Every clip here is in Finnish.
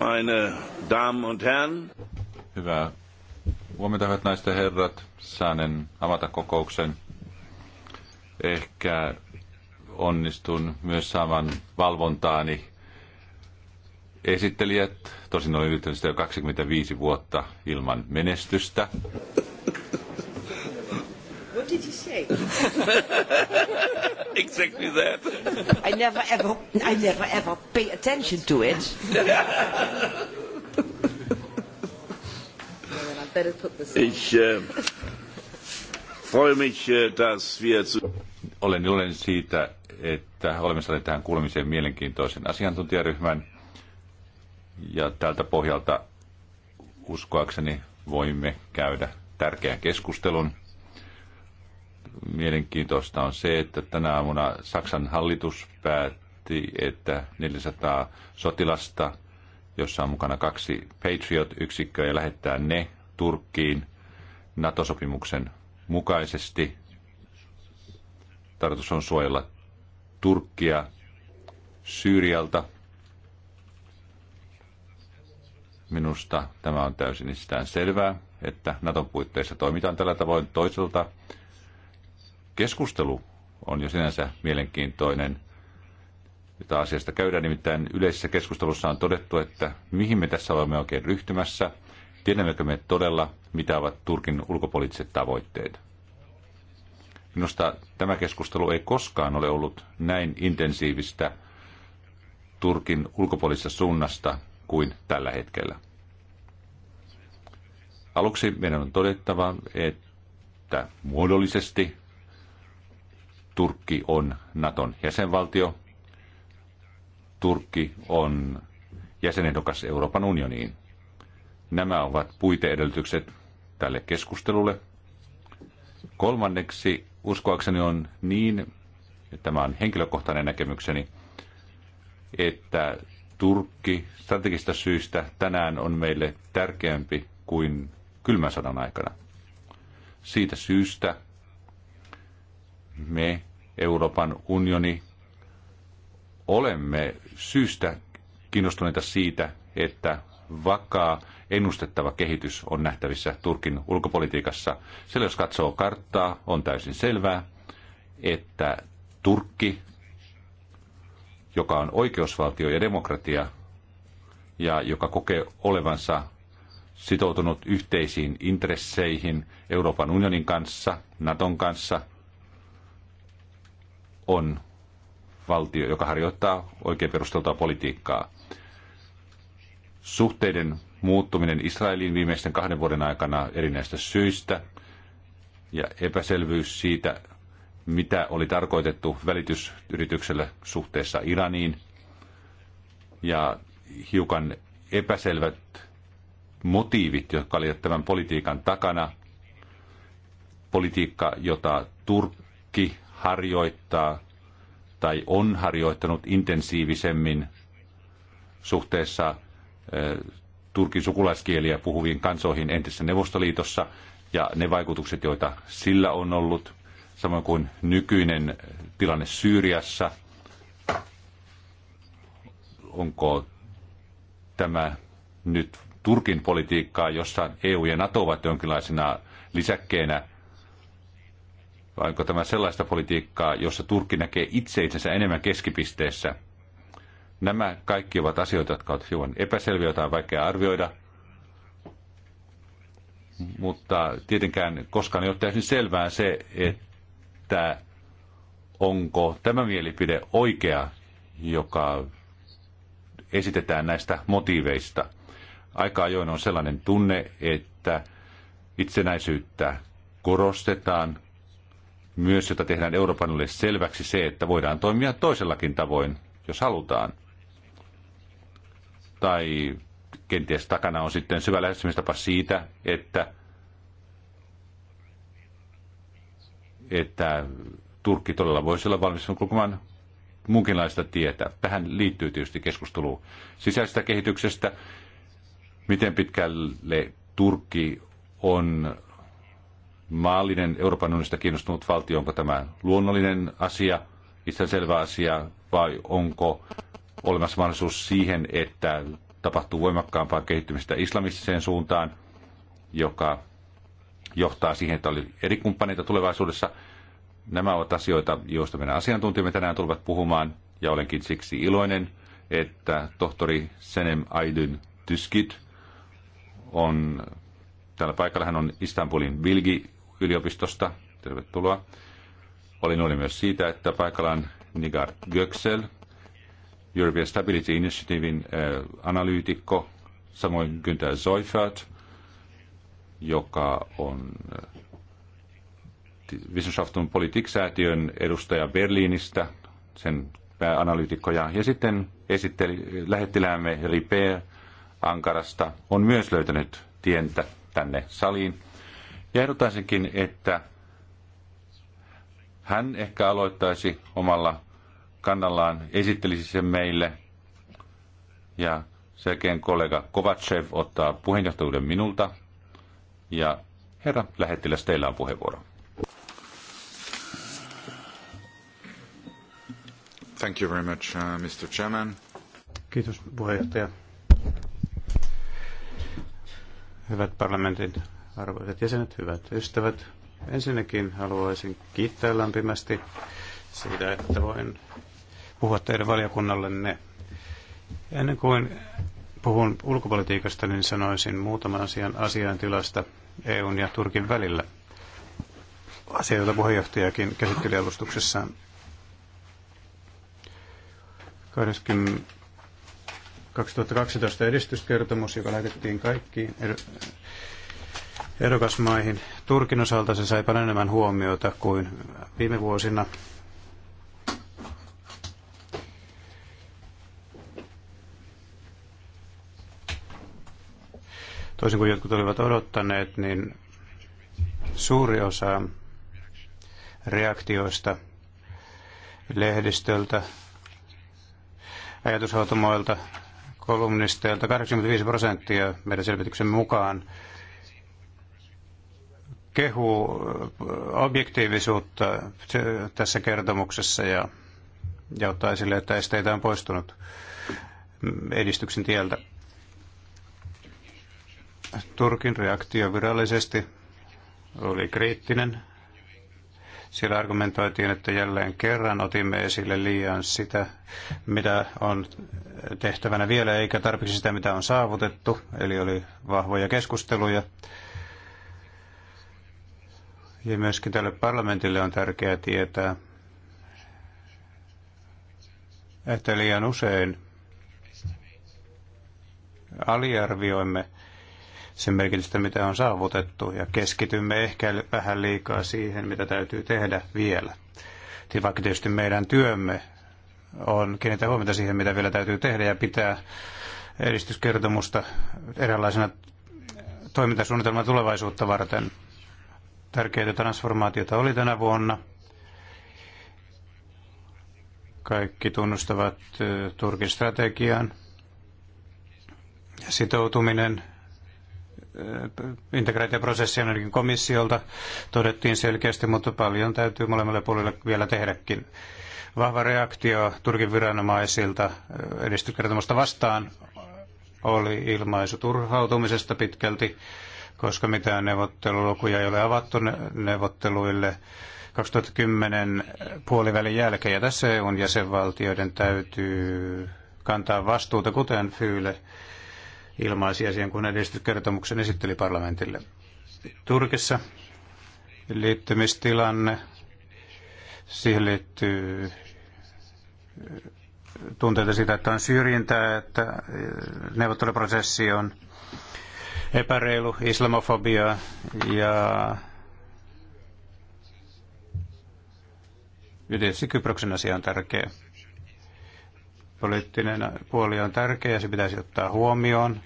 Meine Damen und Herren. Hyvää huomenta, hyvät naiset ja herrat. Saanen avata kokouksen. Ehkä onnistun myös saamaan valvontaani esittelijät. Tosin olen yrittänyt sitä jo 25 vuotta ilman menestystä. What did you say? exactly that. I never ever, I never ever pay attention to it. Ich äh, freue mich, äh, dass wir zu... Olen iloinen siitä, että olemme saaneet tähän kuulemiseen mielenkiintoisen asiantuntijaryhmän. Ja tältä pohjalta uskoakseni voimme käydä tärkeän keskustelun mielenkiintoista on se, että tänä aamuna Saksan hallitus päätti, että 400 sotilasta, jossa on mukana kaksi Patriot-yksikköä, ja lähettää ne Turkkiin NATO-sopimuksen mukaisesti. Tarkoitus on suojella Turkkia Syyrialta. Minusta tämä on täysin itseään selvää, että Naton puitteissa toimitaan tällä tavoin toiselta keskustelu on jo sinänsä mielenkiintoinen, jota asiasta käydään. Nimittäin yleisessä keskustelussa on todettu, että mihin me tässä olemme oikein ryhtymässä, tiedämmekö me todella, mitä ovat Turkin ulkopoliittiset tavoitteet. Minusta tämä keskustelu ei koskaan ole ollut näin intensiivistä Turkin ulkopoliittisesta suunnasta kuin tällä hetkellä. Aluksi meidän on todettava, että muodollisesti Turkki on Naton jäsenvaltio. Turkki on jäsenehdokas Euroopan unioniin. Nämä ovat puiteedellytykset tälle keskustelulle. Kolmanneksi uskoakseni on niin, että tämä on henkilökohtainen näkemykseni, että Turkki strategista syistä tänään on meille tärkeämpi kuin kylmän sodan aikana. Siitä syystä me, Euroopan unioni, olemme syystä kiinnostuneita siitä, että vakaa, ennustettava kehitys on nähtävissä Turkin ulkopolitiikassa. Sillä jos katsoo karttaa, on täysin selvää, että Turkki, joka on oikeusvaltio ja demokratia, ja joka kokee olevansa sitoutunut yhteisiin intresseihin Euroopan unionin kanssa, Naton kanssa – on valtio, joka harjoittaa oikein perusteltua politiikkaa. Suhteiden muuttuminen Israeliin viimeisten kahden vuoden aikana erinäistä syistä ja epäselvyys siitä, mitä oli tarkoitettu välitysyritykselle suhteessa Iraniin ja hiukan epäselvät motiivit, jotka olivat tämän politiikan takana. Politiikka, jota Turkki harjoittaa tai on harjoittanut intensiivisemmin suhteessa turkin sukulaiskieliä puhuviin kansoihin entisessä Neuvostoliitossa ja ne vaikutukset, joita sillä on ollut, samoin kuin nykyinen tilanne Syyriassa. Onko tämä nyt Turkin politiikkaa, jossa EU ja NATO ovat jonkinlaisena lisäkkeenä vai onko tämä sellaista politiikkaa, jossa Turkki näkee itse itsensä enemmän keskipisteessä? Nämä kaikki ovat asioita, jotka ovat hieman epäselviä, joita on vaikea arvioida, mutta tietenkään koskaan ei ole täysin selvää se, että onko tämä mielipide oikea, joka esitetään näistä motiiveista. Aika ajoin on sellainen tunne, että itsenäisyyttä korostetaan, myös, jota tehdään Euroopanille selväksi se, että voidaan toimia toisellakin tavoin, jos halutaan. Tai kenties takana on sitten syvä lähestymistapa siitä, että, että Turkki todella voisi olla valmis kulkemaan munkinlaista tietä. Tähän liittyy tietysti keskustelu sisäisestä kehityksestä, miten pitkälle Turkki on maallinen Euroopan unionista kiinnostunut valtio, onko tämä luonnollinen asia, itsestäänselvä asia, vai onko olemassa mahdollisuus siihen, että tapahtuu voimakkaampaa kehittymistä islamistiseen suuntaan, joka johtaa siihen, että oli eri kumppaneita tulevaisuudessa. Nämä ovat asioita, joista meidän asiantuntijamme tänään tulevat puhumaan, ja olenkin siksi iloinen, että tohtori Senem Aydin Tyskit on tällä paikalla. Hän on Istanbulin Bilgi yliopistosta. Tervetuloa. Olin oli myös siitä, että paikallaan Nigar Göksel, European Stability Initiativein eh, analyytikko, samoin Günther Zoifert, joka on äh, eh, und Politik-säätiön edustaja Berliinistä, sen pääanalyytikkoja. Ja sitten esitteli, lähettiläämme Ripe Ankarasta on myös löytänyt tientä tänne saliin. Ja ehdotaisinkin, että hän ehkä aloittaisi omalla kannallaan, esittelisi sen meille. Ja sen kollega Kovacev ottaa puheenjohtajuuden minulta. Ja herra lähettiläs, teillä on puheenvuoro. Thank you very much, uh, Mr. Chairman. Kiitos puheenjohtaja. Hyvät parlamentin arvoisat jäsenet, hyvät ystävät. Ensinnäkin haluaisin kiittää lämpimästi siitä, että voin puhua teidän valiokunnallenne. Ennen kuin puhun ulkopolitiikasta, niin sanoisin muutaman asian asiantilasta EUn ja Turkin välillä. Asia, jota puheenjohtajakin käsitteli alustuksessaan. 20, 2012 edistyskertomus, joka lähetettiin kaikkiin ehdokasmaihin. Turkin osalta se sai paljon enemmän huomiota kuin viime vuosina. Toisin kuin jotkut olivat odottaneet, niin suuri osa reaktioista lehdistöltä, ajatushautomoilta, kolumnisteilta, 85 prosenttia meidän selvityksen mukaan kehuu äh, objektiivisuutta tässä kertomuksessa ja, ja ottaa esille, että esteitä on poistunut edistyksen tieltä. Turkin reaktio virallisesti oli kriittinen. Siellä argumentoitiin, että jälleen kerran otimme esille liian sitä, mitä on tehtävänä vielä, eikä tarpeeksi sitä, mitä on saavutettu. Eli oli vahvoja keskusteluja ja myöskin tälle parlamentille on tärkeää tietää, että liian usein aliarvioimme sen merkitystä, mitä on saavutettu, ja keskitymme ehkä vähän liikaa siihen, mitä täytyy tehdä vielä. Vaikka tietysti meidän työmme on kiinnittää huomiota siihen, mitä vielä täytyy tehdä, ja pitää edistyskertomusta eräänlaisena toimintasuunnitelman tulevaisuutta varten. Tärkeitä transformaatiota oli tänä vuonna. Kaikki tunnustavat Turkin strategian sitoutuminen integraatioprosessi ainakin komissiolta todettiin selkeästi, mutta paljon täytyy molemmille puolille vielä tehdäkin. Vahva reaktio Turkin viranomaisilta edistyskertomusta vastaan oli ilmaisu turhautumisesta pitkälti koska mitään neuvottelulukuja ei ole avattu neuvotteluille 2010 puolivälin jälkeen. Ja tässä EUn jäsenvaltioiden täytyy kantaa vastuuta, kuten Fyyle ilmaisi asian, kun edistyskertomuksen esitteli parlamentille. Turkissa liittymistilanne, siihen liittyy tunteita siitä, että on syrjintää, että neuvotteluprosessi on epäreilu islamofobia ja tietysti Kyproksen asia on tärkeä. Poliittinen puoli on tärkeä ja se pitäisi ottaa huomioon,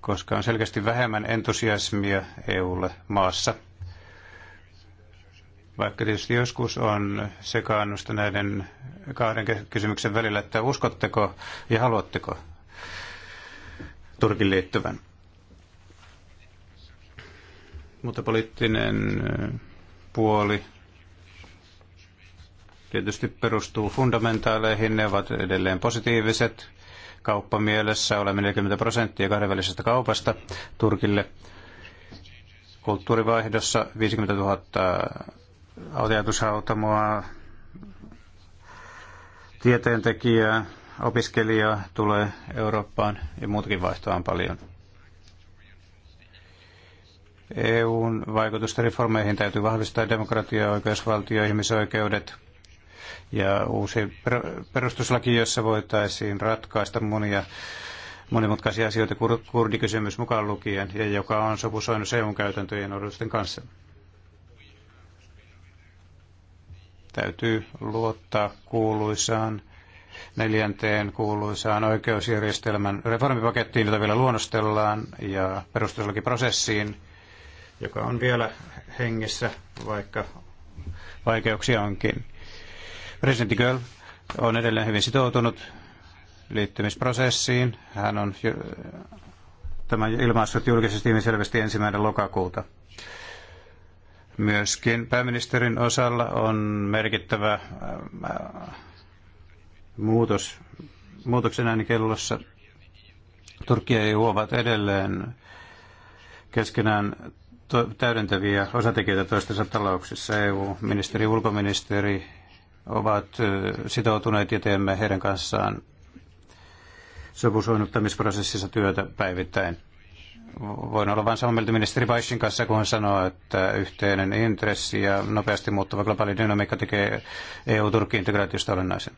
koska on selkeästi vähemmän entusiasmia EUlle maassa. Vaikka tietysti joskus on sekaannusta näiden kahden kysymyksen välillä, että uskotteko ja haluatteko Turkin liittyvän. Mutta poliittinen puoli tietysti perustuu fundamentaaleihin. Ne ovat edelleen positiiviset. Kauppamielessä olemme 40 prosenttia kahdenvälisestä kaupasta Turkille. Kulttuurivaihdossa 50 000 autioitushautomoa, tieteentekijää, opiskelijaa tulee Eurooppaan ja muutakin vaihtoa on paljon. EUn vaikutusta reformeihin täytyy vahvistaa demokratia, oikeusvaltio, ihmisoikeudet ja uusi perustuslaki, jossa voitaisiin ratkaista monia monimutkaisia asioita, kurdikysymys mukaan lukien, ja joka on sopusoinut EUn käytäntöjen odotusten kanssa. Täytyy luottaa kuuluisaan neljänteen kuuluisaan oikeusjärjestelmän reformipakettiin, jota vielä luonnostellaan, ja perustuslakiprosessiin, joka on vielä hengissä, vaikka vaikeuksia onkin. Presidentti Göll on edelleen hyvin sitoutunut liittymisprosessiin. Hän on tämän ilmaissut julkisesti hyvin selvästi ensimmäinen lokakuuta. Myöskin pääministerin osalla on merkittävä äh, muutos, muutoksen äänikellossa. Turkki ja EU ovat edelleen keskenään täydentäviä osatekijöitä toistensa talouksissa. EU-ministeri ja ulkoministeri ovat sitoutuneet ja teemme heidän kanssaan sopusuunnittamisprosessissa työtä päivittäin. Voin olla vain samaa mieltä ministeri Weissin kanssa, kun hän sanoo, että yhteinen intressi ja nopeasti muuttuva globaali dynamiikka tekee EU-Turkki-integraatiosta olennaisen.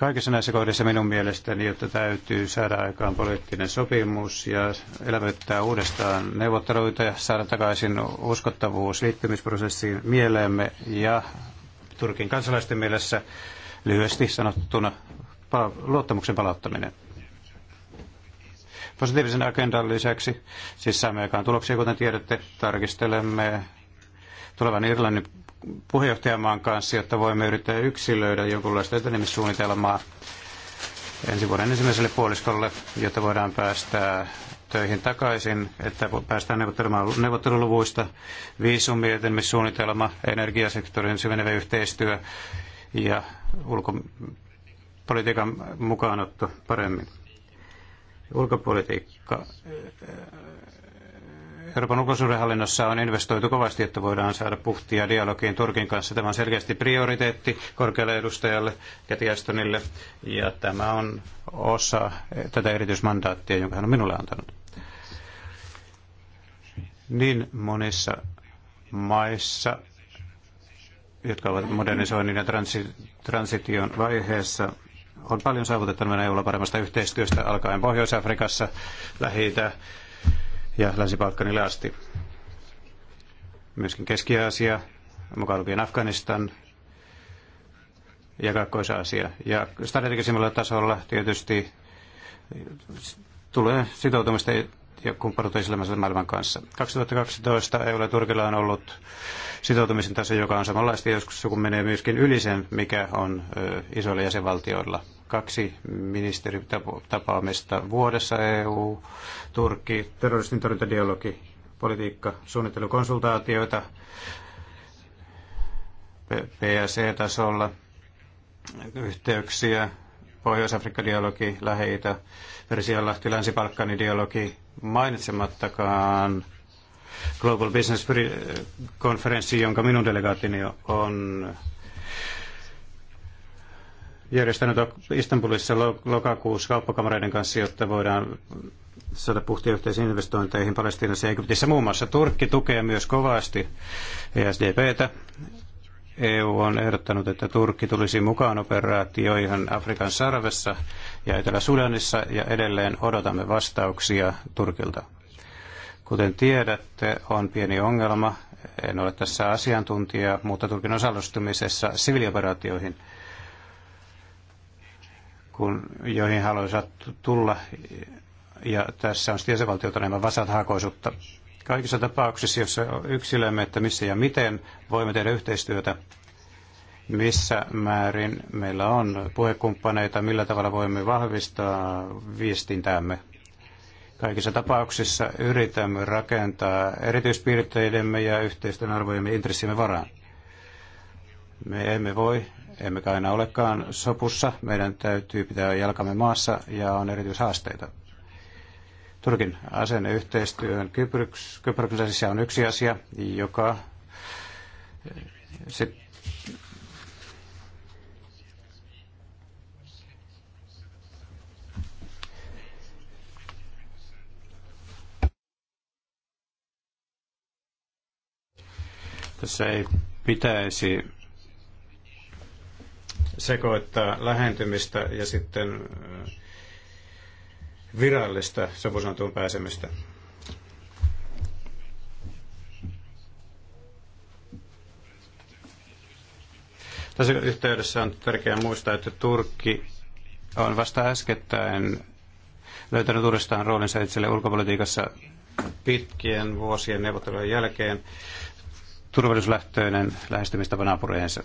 Kaikissa näissä kohdissa minun mielestäni, että täytyy saada aikaan poliittinen sopimus ja elävyttää uudestaan neuvotteluita ja saada takaisin uskottavuus liittymisprosessiin mieleemme ja Turkin kansalaisten mielessä lyhyesti sanottuna luottamuksen palauttaminen. Positiivisen agendan lisäksi, siis saamme aikaan tuloksia, kuten tiedätte, tarkistelemme tulevan Irlannin puheenjohtajamaan kanssa, jotta voimme yrittää yksilöidä jonkunlaista etenemissuunnitelmaa ensi vuoden ensimmäiselle puoliskolle, jotta voidaan päästä töihin takaisin, että päästään neuvottelemaan neuvotteluluvuista, viisumi, etenemissuunnitelma, energiasektorin syvenevä yhteistyö ja ulkopolitiikan mukaanotto paremmin. Ulkopolitiikka Euroopan ulkosuhdehallinnossa on investoitu kovasti, että voidaan saada puhtia dialogiin Turkin kanssa. Tämä on selkeästi prioriteetti korkealle edustajalle Kati ja tämä on osa tätä erityismandaattia, jonka hän on minulle antanut. Niin monissa maissa, jotka ovat modernisoinnin ja transi- transition vaiheessa, on paljon saavutettavana EUlla paremmasta yhteistyöstä alkaen Pohjois-Afrikassa, lähi ja Länsi-Balkanille asti. Myöskin Keski-Aasia, mukaan lukien Afganistan ja kaakkois aasia Ja strategisemmalla tasolla tietysti tulee sitoutumista ja kumppanut islamilaisen maailman kanssa. 2012 EUlla ja Turkilla on ollut sitoutumisen taso, joka on samanlaista joskus, kun menee myöskin yli sen, mikä on isoilla jäsenvaltioilla. Kaksi ministeritapaamista vuodessa EU, Turkki, terroristin torjuntadialogi, politiikka, suunnittelukonsultaatioita PSE-tasolla, yhteyksiä Pohjois-Afrikka-dialogi, Lähi-Itä, Persianlahti, länsi balkani dialogi, mainitsemattakaan Global business Conference, jonka minun delegaattini on järjestänyt Istanbulissa lokakuussa kauppakamareiden kanssa, jotta voidaan saada puhtia yhteisiin investointeihin Palestiinassa ja Egyptissä. Muun muassa Turkki tukee myös kovasti ESDPtä EU on ehdottanut, että Turkki tulisi mukaan operaatioihin Afrikan sarvessa ja Etelä-Sudanissa ja edelleen odotamme vastauksia Turkilta. Kuten tiedätte, on pieni ongelma, en ole tässä asiantuntija, mutta Turkin osallistumisessa siviilioperaatioihin, kun, joihin haluaisivat tulla, ja tässä on jäsenvaltiota enemmän vasathakoisuutta. hakoisuutta Kaikissa tapauksissa, jossa yksilöimme, että missä ja miten voimme tehdä yhteistyötä, missä määrin meillä on puhekumppaneita, millä tavalla voimme vahvistaa viestintäämme. Kaikissa tapauksissa yritämme rakentaa erityispiirteidemme ja yhteisten arvojemme intressimme varaan. Me emme voi, emmekä aina olekaan sopussa. Meidän täytyy pitää jalkamme maassa ja on erityishaasteita. Turkin asenneyhteistyöhön Kyproks, Kyproksen sisällä on yksi asia, joka eh, sit, tässä ei pitäisi sekoittaa lähentymistä ja sitten eh, virallista sopusantuun pääsemistä. Tässä yhteydessä on tärkeää muistaa, että Turkki on vasta äskettäin löytänyt uudestaan roolinsa itselle ulkopolitiikassa pitkien vuosien neuvottelujen jälkeen turvallisuuslähtöinen lähestymistapa naapureihinsa.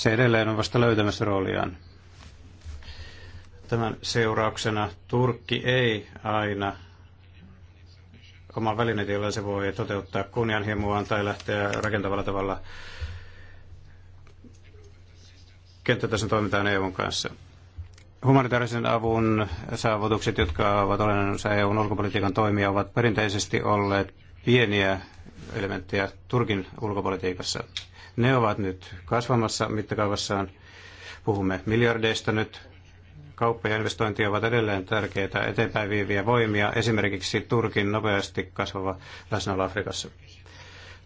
Se edelleen on vasta löytämässä rooliaan. Tämän seurauksena Turkki ei aina oma välineet, jolla se voi toteuttaa kunnianhimoaan tai lähteä rakentavalla tavalla kenttätason toimintaan EUn kanssa. Humanitaarisen avun saavutukset, jotka ovat olennainen osa EUn ulkopolitiikan toimia, ovat perinteisesti olleet pieniä elementtejä Turkin ulkopolitiikassa. Ne ovat nyt kasvamassa mittakaavassaan. Puhumme miljardeista nyt. Kauppa ja investointi ovat edelleen tärkeitä eteenpäin viiviä voimia, esimerkiksi Turkin nopeasti kasvava läsnäolo Afrikassa.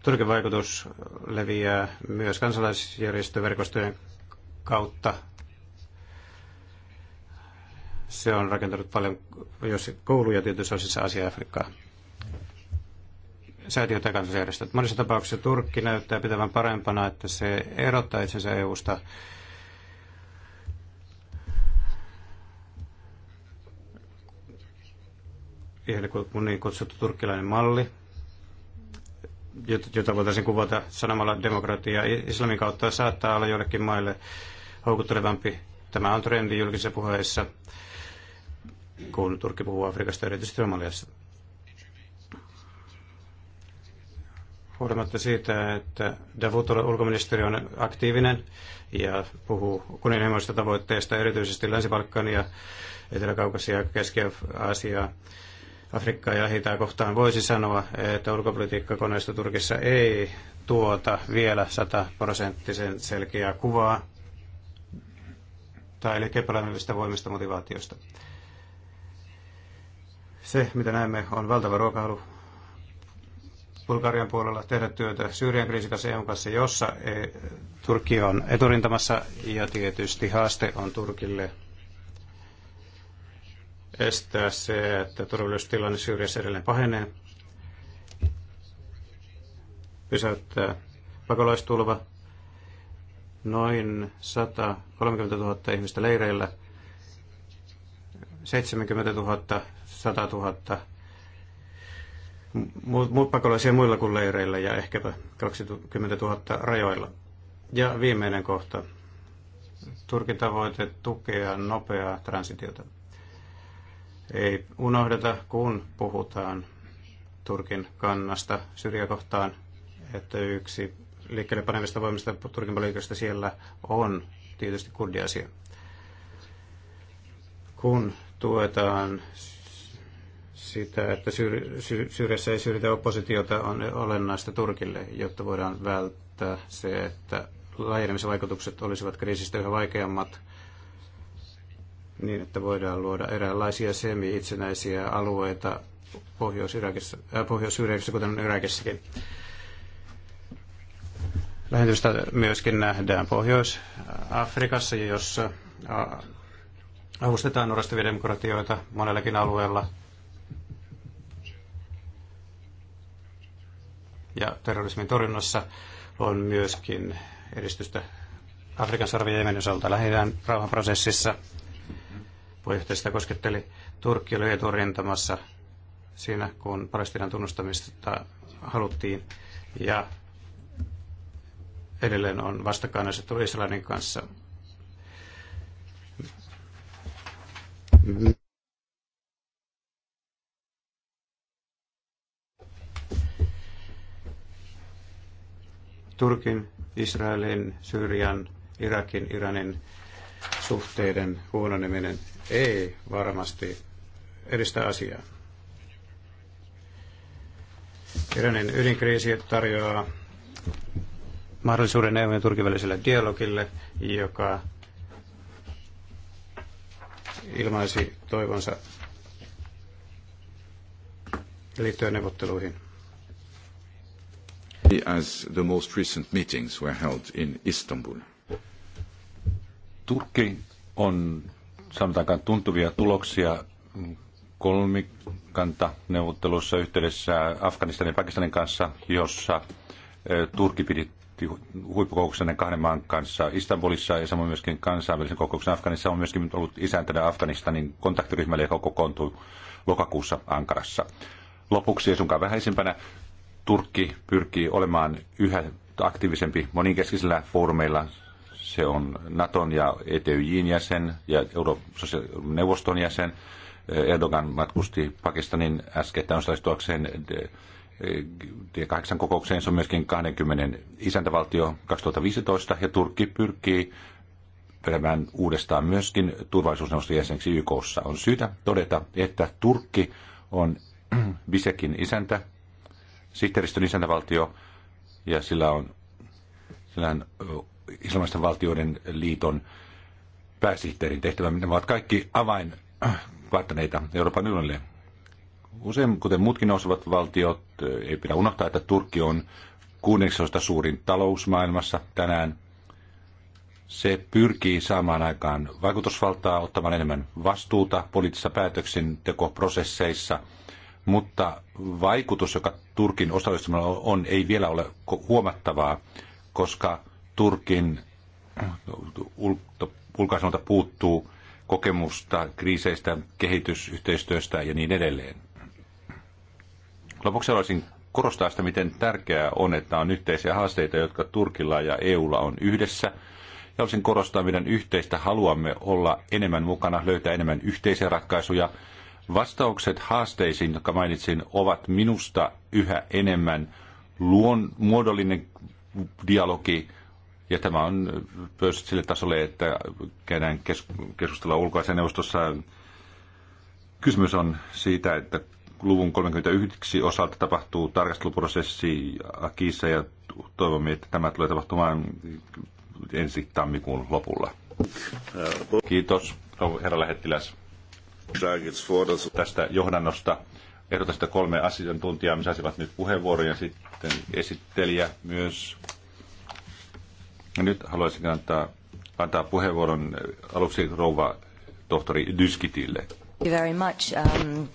Turkin vaikutus leviää myös kansalaisjärjestöverkostojen kautta se on rakentanut paljon jos kouluja tietyissä osissa Asia-Afrikkaa säätiöt ja kansallisjärjestöt. Monissa tapauksissa Turkki näyttää pitävän parempana, että se erottaa itsensä EU-sta eli niin kutsuttu turkkilainen malli, jota voitaisiin kuvata sanomalla demokratia islamin kautta saattaa olla joillekin maille houkuttelevampi. Tämä on trendi julkisissa puheissa, kun Turkki puhuu Afrikasta, erityisesti Romaliassa. huolimatta siitä, että Davutolle ulkoministeri on aktiivinen ja puhuu kunnianhimoisista tavoitteista, erityisesti länsi ja Etelä-Kaukasia, Keski-Aasiaa, Afrikkaa ja Lähitää kohtaan, voisi sanoa, että ulkopolitiikkakoneisto Turkissa ei tuota vielä sataprosenttisen selkeää kuvaa tai eli kepälämivistä voimista motivaatiosta. Se, mitä näemme, on valtava ruokahalu Bulgarian puolella tehdä työtä Syyrian kriisin kanssa EUn kanssa, jossa e, Turkki on eturintamassa ja tietysti haaste on Turkille estää se, että turvallisuustilanne Syyriassa edelleen pahenee, pysäyttää pakolaistulva, noin 130 000 ihmistä leireillä, 70 000, 100 000 muut pakolaisia muilla kuin leireillä ja ehkäpä 20 000 rajoilla. Ja viimeinen kohta. Turkin tavoite tukea nopeaa transitiota. Ei unohdeta, kun puhutaan Turkin kannasta syrjäkohtaan, että yksi liikkeelle panevista voimista Turkin poliikasta siellä on tietysti kurdiasia. Kun tuetaan sitä, että Syyriassa ei syrjitä oppositiota, on olennaista Turkille, jotta voidaan välttää se, että laajenemisvaikutukset olisivat kriisistä yhä vaikeammat niin, että voidaan luoda eräänlaisia semi-itsenäisiä alueita Pohjois-Irakissa, äh, pohjois kuten Irakissakin. Lähetystä myöskin nähdään Pohjois-Afrikassa, jossa äh, avustetaan nuorista demokratioita monellakin alueella – ja terrorismin torjunnassa on myöskin edistystä Afrikan sarvi Jemenin osalta lähinnä rauhanprosessissa. Puheenjohtaja sitä kosketteli. Turkki oli eturintamassa siinä, kun Palestinan tunnustamista haluttiin. Ja edelleen on vastakkainasettelu Israelin kanssa. Turkin, Israelin, Syyrian, Irakin, Iranin suhteiden huononeminen ei varmasti edistä asiaa. Iranin ydinkriisi tarjoaa mahdollisuuden EU ja Turkin väliselle dialogille, joka ilmaisi toivonsa liittyen neuvotteluihin. As the most recent meetings were held in Istanbul. Turkki on sanotaankaan tuntuvia tuloksia kolmikanta neuvottelussa yhteydessä Afganistanin ja Pakistanin kanssa, jossa Turkki piti huippukokouksen kahden maan kanssa Istanbulissa ja samoin myöskin kansainvälisen kokouksen Afganissa on myöskin ollut isäntänä Afganistanin kontaktiryhmälle, joka kokoontui lokakuussa Ankarassa. Lopuksi ja sunkaan vähäisimpänä Turkki pyrkii olemaan yhä aktiivisempi moninkeskisillä foorumeilla. Se on Naton ja ETYJin jäsen ja Euroopan neuvoston jäsen. Erdogan matkusti Pakistanin äskettäin osallistuakseen eh, eh, D8-kokoukseen. Se on myöskin 20 isäntävaltio 2015 ja Turkki pyrkii peremään uudestaan myöskin turvallisuusneuvoston jäseneksi YKssa. On syytä todeta, että Turkki on Bisekin isäntä sihteeristön isäntävaltio ja sillä on, sillä on islamisten valtioiden liiton pääsihteerin tehtävä. Ne ovat kaikki avainpartneita äh, Euroopan unionille. Usein, kuten muutkin nousevat valtiot, ei pidä unohtaa, että Turkki on 16 suurin talous maailmassa tänään. Se pyrkii saamaan aikaan vaikutusvaltaa, ottamaan enemmän vastuuta poliittisissa päätöksentekoprosesseissa – mutta vaikutus, joka Turkin osallistumalla on, ei vielä ole huomattavaa, koska Turkin ulkoasemalta puuttuu kokemusta kriiseistä, kehitysyhteistyöstä ja niin edelleen. Lopuksi haluaisin korostaa sitä, miten tärkeää on, että on yhteisiä haasteita, jotka Turkilla ja EUlla on yhdessä. Ja haluaisin korostaa miten yhteistä haluamme olla enemmän mukana, löytää enemmän yhteisiä ratkaisuja – Vastaukset haasteisiin, jotka mainitsin, ovat minusta yhä enemmän luon, muodollinen dialogi, ja tämä on myös sille tasolle, että käydään keskustella ulkoasianneuvostossa. Kysymys on siitä, että luvun 31 osalta tapahtuu tarkasteluprosessi Akissa ja toivomme, että tämä tulee tapahtumaan ensi tammikuun lopulla. Kiitos, herra lähettiläs. Tästä johdannosta että kolme asiantuntijaa, missä saisivat nyt puheenvuoron ja sitten esittelijä myös. nyt haluaisin antaa, antaa puheenvuoron aluksi rouva tohtori Dyskitille. Thank you very much, um,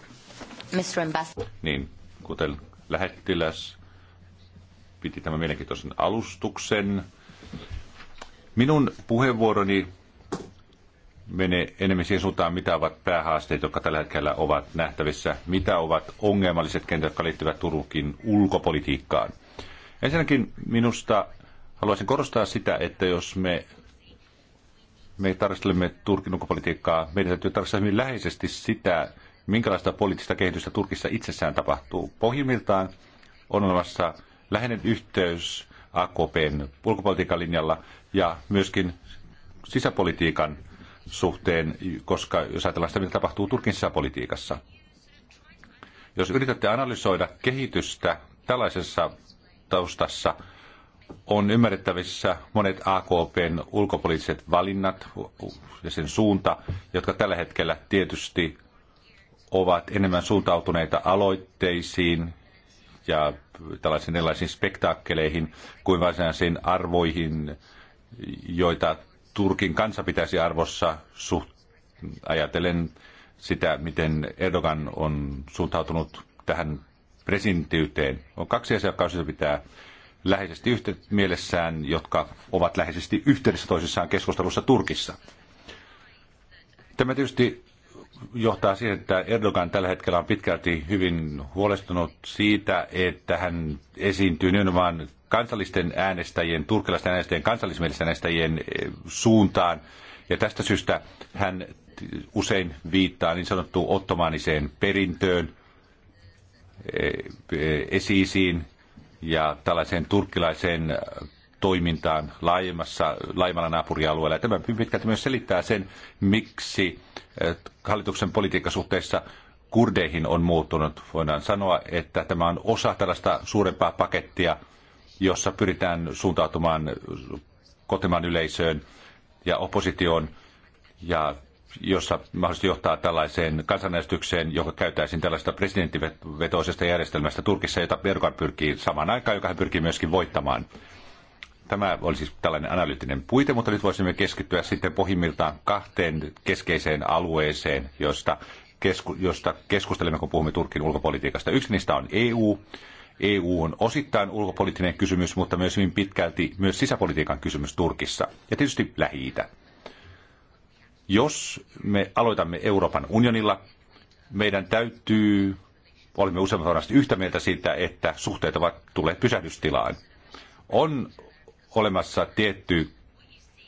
Mr. Ambassador. Niin, kuten lähettiläs piti tämän mielenkiintoisen alustuksen. Minun puheenvuoroni mene enemmän siihen suuntaan, mitä ovat päähaasteet, jotka tällä hetkellä ovat nähtävissä, mitä ovat ongelmalliset kentät, jotka liittyvät Turkin ulkopolitiikkaan. Ensinnäkin minusta haluaisin korostaa sitä, että jos me, me tarkastelemme Turkin ulkopolitiikkaa, meidän täytyy tarkastella hyvin läheisesti sitä, minkälaista poliittista kehitystä Turkissa itsessään tapahtuu. Pohjimmiltaan on olemassa läheinen yhteys AKPn ulkopolitiikan linjalla ja myöskin sisäpolitiikan suhteen, koska jos ajatellaan sitä, mitä tapahtuu Turkin sisäpolitiikassa. Jos yritätte analysoida kehitystä tällaisessa taustassa, on ymmärrettävissä monet AKPn ulkopoliittiset valinnat ja sen suunta, jotka tällä hetkellä tietysti ovat enemmän suuntautuneita aloitteisiin ja tällaisiin erilaisiin spektaakkeleihin kuin varsinaisiin arvoihin, joita Turkin kansa pitäisi arvossa suht, ajatellen sitä, miten Erdogan on suuntautunut tähän presidenttiyteen. On kaksi asiaa, jotka pitää läheisesti yhte- mielessään, jotka ovat läheisesti yhteydessä toisissaan keskustelussa Turkissa. Tämä tietysti johtaa siihen, että Erdogan tällä hetkellä on pitkälti hyvin huolestunut siitä, että hän esiintyy nimenomaan kansallisten äänestäjien, turkilaisten äänestäjien, kansallismielisten äänestäjien eh, suuntaan. Ja tästä syystä hän usein viittaa niin sanottuun ottomaaniseen perintöön, eh, eh, esiisiin ja tällaiseen turkkilaiseen toimintaan laajemmassa, laajemmalla naapurialueella. Ja tämä pitkälti myös selittää sen, miksi hallituksen politiikkasuhteessa kurdeihin on muuttunut. Voidaan sanoa, että tämä on osa tällaista suurempaa pakettia – jossa pyritään suuntautumaan kotimaan yleisöön ja oppositioon ja jossa mahdollisesti johtaa tällaiseen kansanäänestykseen, joka käytäisiin tällaista presidenttivetoisesta järjestelmästä Turkissa, jota Erdogan pyrkii samaan aikaan, joka hän pyrkii myöskin voittamaan. Tämä oli siis tällainen analyyttinen puite, mutta nyt voisimme keskittyä sitten pohjimmiltaan kahteen keskeiseen alueeseen, josta, kesku, josta keskustelemme, kun puhumme Turkin ulkopolitiikasta. Yksi niistä on EU, EU on osittain ulkopoliittinen kysymys, mutta myös hyvin pitkälti myös sisäpolitiikan kysymys Turkissa ja tietysti lähi -Itä. Jos me aloitamme Euroopan unionilla, meidän täytyy, olimme useamman varmasti yhtä mieltä siitä, että suhteet ovat tulleet pysähdystilaan. On olemassa tietty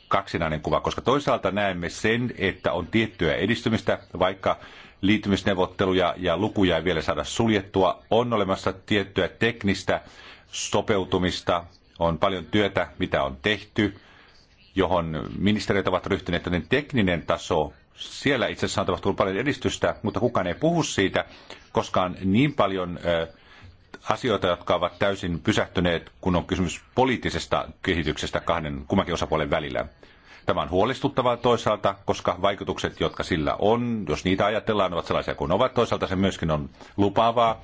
kaksinainen kuva, koska toisaalta näemme sen, että on tiettyä edistymistä, vaikka liittymisneuvotteluja ja lukuja ei vielä saada suljettua. On olemassa tiettyä teknistä sopeutumista, on paljon työtä, mitä on tehty, johon ministeriöt ovat ryhtyneet, joten tekninen taso, siellä itse asiassa on tapahtunut paljon edistystä, mutta kukaan ei puhu siitä, koska on niin paljon asioita, jotka ovat täysin pysähtyneet, kun on kysymys poliittisesta kehityksestä kahden kummankin osapuolen välillä. Tämä on huolestuttavaa toisaalta, koska vaikutukset, jotka sillä on, jos niitä ajatellaan, ovat sellaisia kuin ovat. Toisaalta se myöskin on lupaavaa,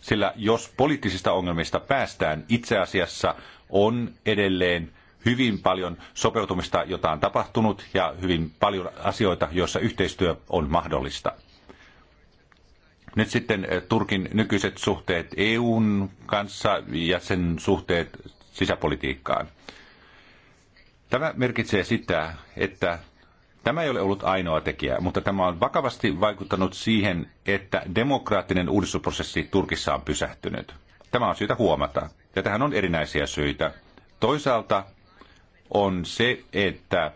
sillä jos poliittisista ongelmista päästään, itse asiassa on edelleen hyvin paljon sopeutumista, jota on tapahtunut, ja hyvin paljon asioita, joissa yhteistyö on mahdollista. Nyt sitten eh, Turkin nykyiset suhteet EUn kanssa ja sen suhteet sisäpolitiikkaan. Tämä merkitsee sitä, että Tämä ei ole ollut ainoa tekijä, mutta tämä on vakavasti vaikuttanut siihen, että demokraattinen uudistusprosessi Turkissa on pysähtynyt. Tämä on syytä huomata, ja tähän on erinäisiä syitä. Toisaalta on se, että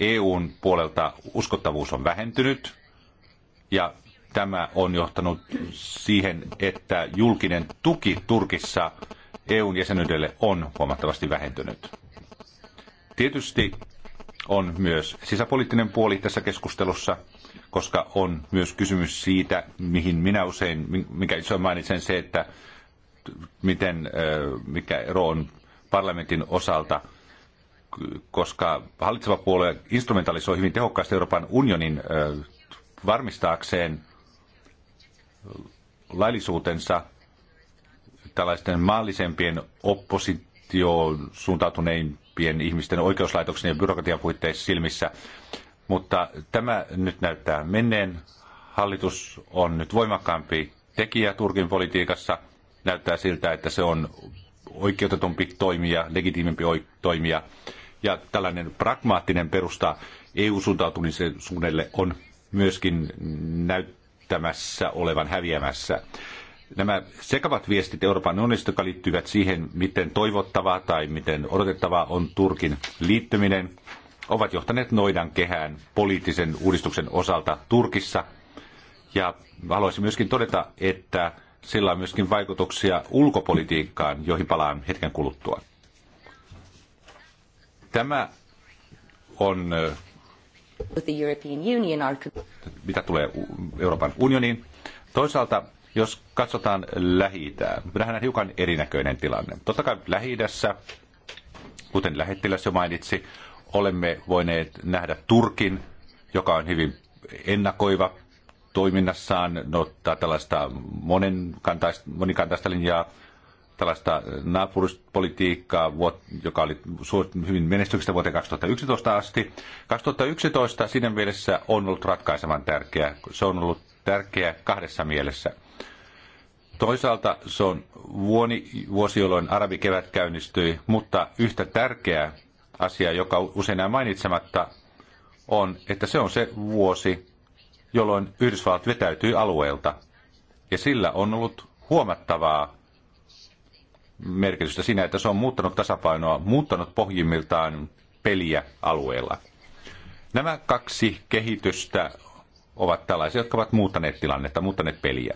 EUn puolelta uskottavuus on vähentynyt, ja tämä on johtanut siihen, että julkinen tuki Turkissa EUn jäsenyydelle on huomattavasti vähentynyt. Tietysti on myös sisäpoliittinen puoli tässä keskustelussa, koska on myös kysymys siitä, mihin minä usein, mikä itse mainitsen se, että miten, mikä ero on parlamentin osalta, koska hallitseva puolue instrumentalisoi hyvin tehokkaasti Euroopan unionin varmistaakseen laillisuutensa tällaisten maallisempien oppositioon suuntautunein köyhimpien ihmisten oikeuslaitoksen ja byrokratian puitteissa silmissä. Mutta tämä nyt näyttää menneen. Hallitus on nyt voimakkaampi tekijä Turkin politiikassa. Näyttää siltä, että se on oikeutetumpi toimija, legitiimimpi toimija. Ja tällainen pragmaattinen perusta EU-suuntautumiselle on myöskin näyttämässä olevan häviämässä. Nämä sekavat viestit Euroopan unionista, jotka liittyvät siihen, miten toivottavaa tai miten odotettavaa on Turkin liittyminen, ovat johtaneet noidan kehään poliittisen uudistuksen osalta Turkissa. Ja haluaisin myöskin todeta, että sillä on myöskin vaikutuksia ulkopolitiikkaan, joihin palaan hetken kuluttua. Tämä on, mitä tulee Euroopan unioniin. Toisaalta jos katsotaan lähi nähdään on hiukan erinäköinen tilanne. Totta kai lähi kuten lähettiläs jo mainitsi, olemme voineet nähdä Turkin, joka on hyvin ennakoiva toiminnassaan, no, ottaa tällaista monenkantaista, monikantaista linjaa, tällaista naapuruspolitiikkaa, joka oli hyvin menestyksestä vuoteen 2011 asti. 2011 siinä mielessä on ollut ratkaisevan tärkeä. Se on ollut tärkeä kahdessa mielessä – Toisaalta se on vuoni, vuosi, jolloin arabikevät käynnistyi, mutta yhtä tärkeä asia, joka usein jää mainitsematta, on, että se on se vuosi, jolloin Yhdysvallat vetäytyi alueelta. Ja sillä on ollut huomattavaa merkitystä siinä, että se on muuttanut tasapainoa, muuttanut pohjimmiltaan peliä alueella. Nämä kaksi kehitystä ovat tällaisia, jotka ovat muuttaneet tilannetta, muuttaneet peliä.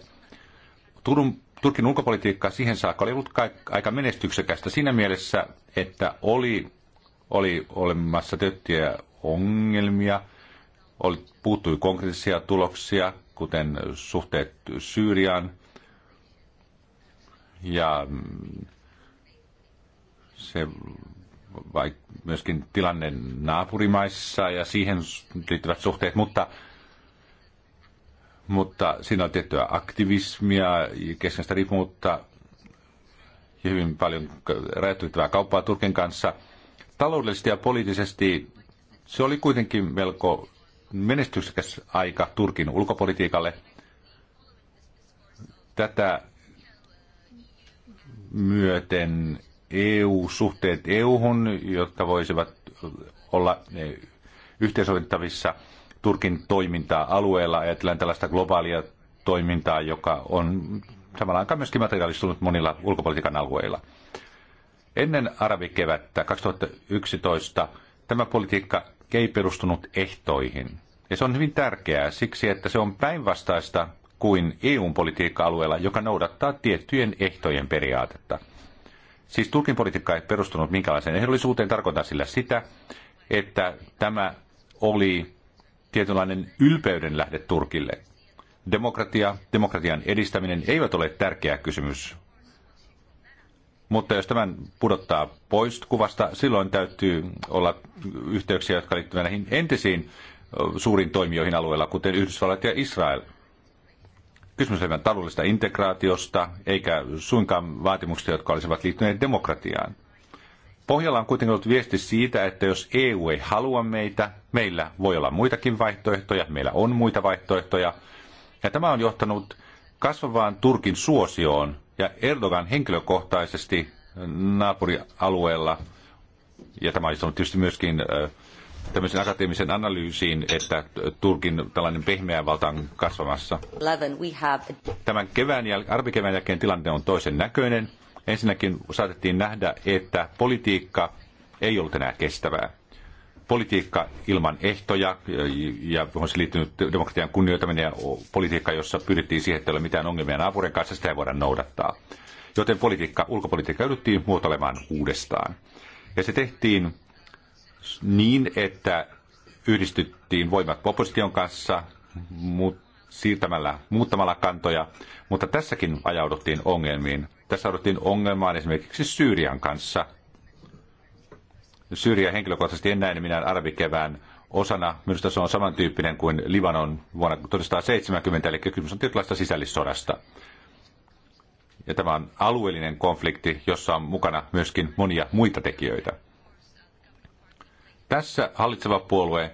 Turun, Turkin ulkopolitiikka siihen saakka oli ollut aika menestyksekästä siinä mielessä, että oli, oli olemassa tiettyjä ongelmia, oli, puuttui konkreettisia tuloksia, kuten suhteet Syyriaan ja se vai myöskin tilanne naapurimaissa ja siihen liittyvät suhteet, mutta mutta siinä on tiettyä aktivismia, keskeistä riippumatta ja hyvin paljon räätyyttävää kauppaa Turkin kanssa. Taloudellisesti ja poliittisesti se oli kuitenkin melko menestyksekäs aika Turkin ulkopolitiikalle. Tätä myöten EU-suhteet EU-hun, jotka voisivat olla yhteensovittavissa – Turkin toimintaa alueella, ajatellaan tällaista globaalia toimintaa, joka on samalla aikaan myöskin materiaalistunut monilla ulkopolitiikan alueilla. Ennen arabikevättä 2011 tämä politiikka ei perustunut ehtoihin. Ja se on hyvin tärkeää siksi, että se on päinvastaista kuin eu politiikka-alueella, joka noudattaa tiettyjen ehtojen periaatetta. Siis Turkin politiikka ei perustunut minkälaiseen ehdollisuuteen, tarkoitan sillä sitä, että tämä oli tietynlainen ylpeyden lähde Turkille. Demokratia, demokratian edistäminen eivät ole tärkeä kysymys. Mutta jos tämän pudottaa pois kuvasta, silloin täytyy olla yhteyksiä, jotka liittyvät näihin entisiin suuriin toimijoihin alueella, kuten Yhdysvallat ja Israel. Kysymys on taloudellista integraatiosta, eikä suinkaan vaatimuksista, jotka olisivat liittyneet demokratiaan. Pohjalla on kuitenkin ollut viesti siitä, että jos EU ei halua meitä, meillä voi olla muitakin vaihtoehtoja, meillä on muita vaihtoehtoja. Ja tämä on johtanut kasvavaan Turkin suosioon ja Erdogan henkilökohtaisesti naapurialueella, ja tämä on johtanut tietysti myöskin tämmöisen akateemisen analyysiin, että Turkin tällainen pehmeä valta on kasvamassa. Tämän kevään jäl- arvikevään jälkeen tilanne on toisen näköinen. Ensinnäkin saatettiin nähdä, että politiikka ei ollut enää kestävää. Politiikka ilman ehtoja, ja johon se liittynyt demokratian kunnioitaminen ja politiikka, jossa pyrittiin siihen, että ei ole mitään ongelmia naapurien kanssa, sitä ei voida noudattaa. Joten politiikka, ulkopolitiikka jouduttiin muotoilemaan uudestaan. Ja se tehtiin niin, että yhdistyttiin voimat opposition kanssa, mutta siirtämällä, muuttamalla kantoja, mutta tässäkin ajauduttiin ongelmiin. Tässä odottiin ongelmaan esimerkiksi Syyrian kanssa. Syyria henkilökohtaisesti en näe minä arabikevään osana. Minusta se on samantyyppinen kuin Libanon vuonna 1970, eli kysymys on tietynlaista sisällissodasta. Ja tämä on alueellinen konflikti, jossa on mukana myöskin monia muita tekijöitä. Tässä hallitseva puolue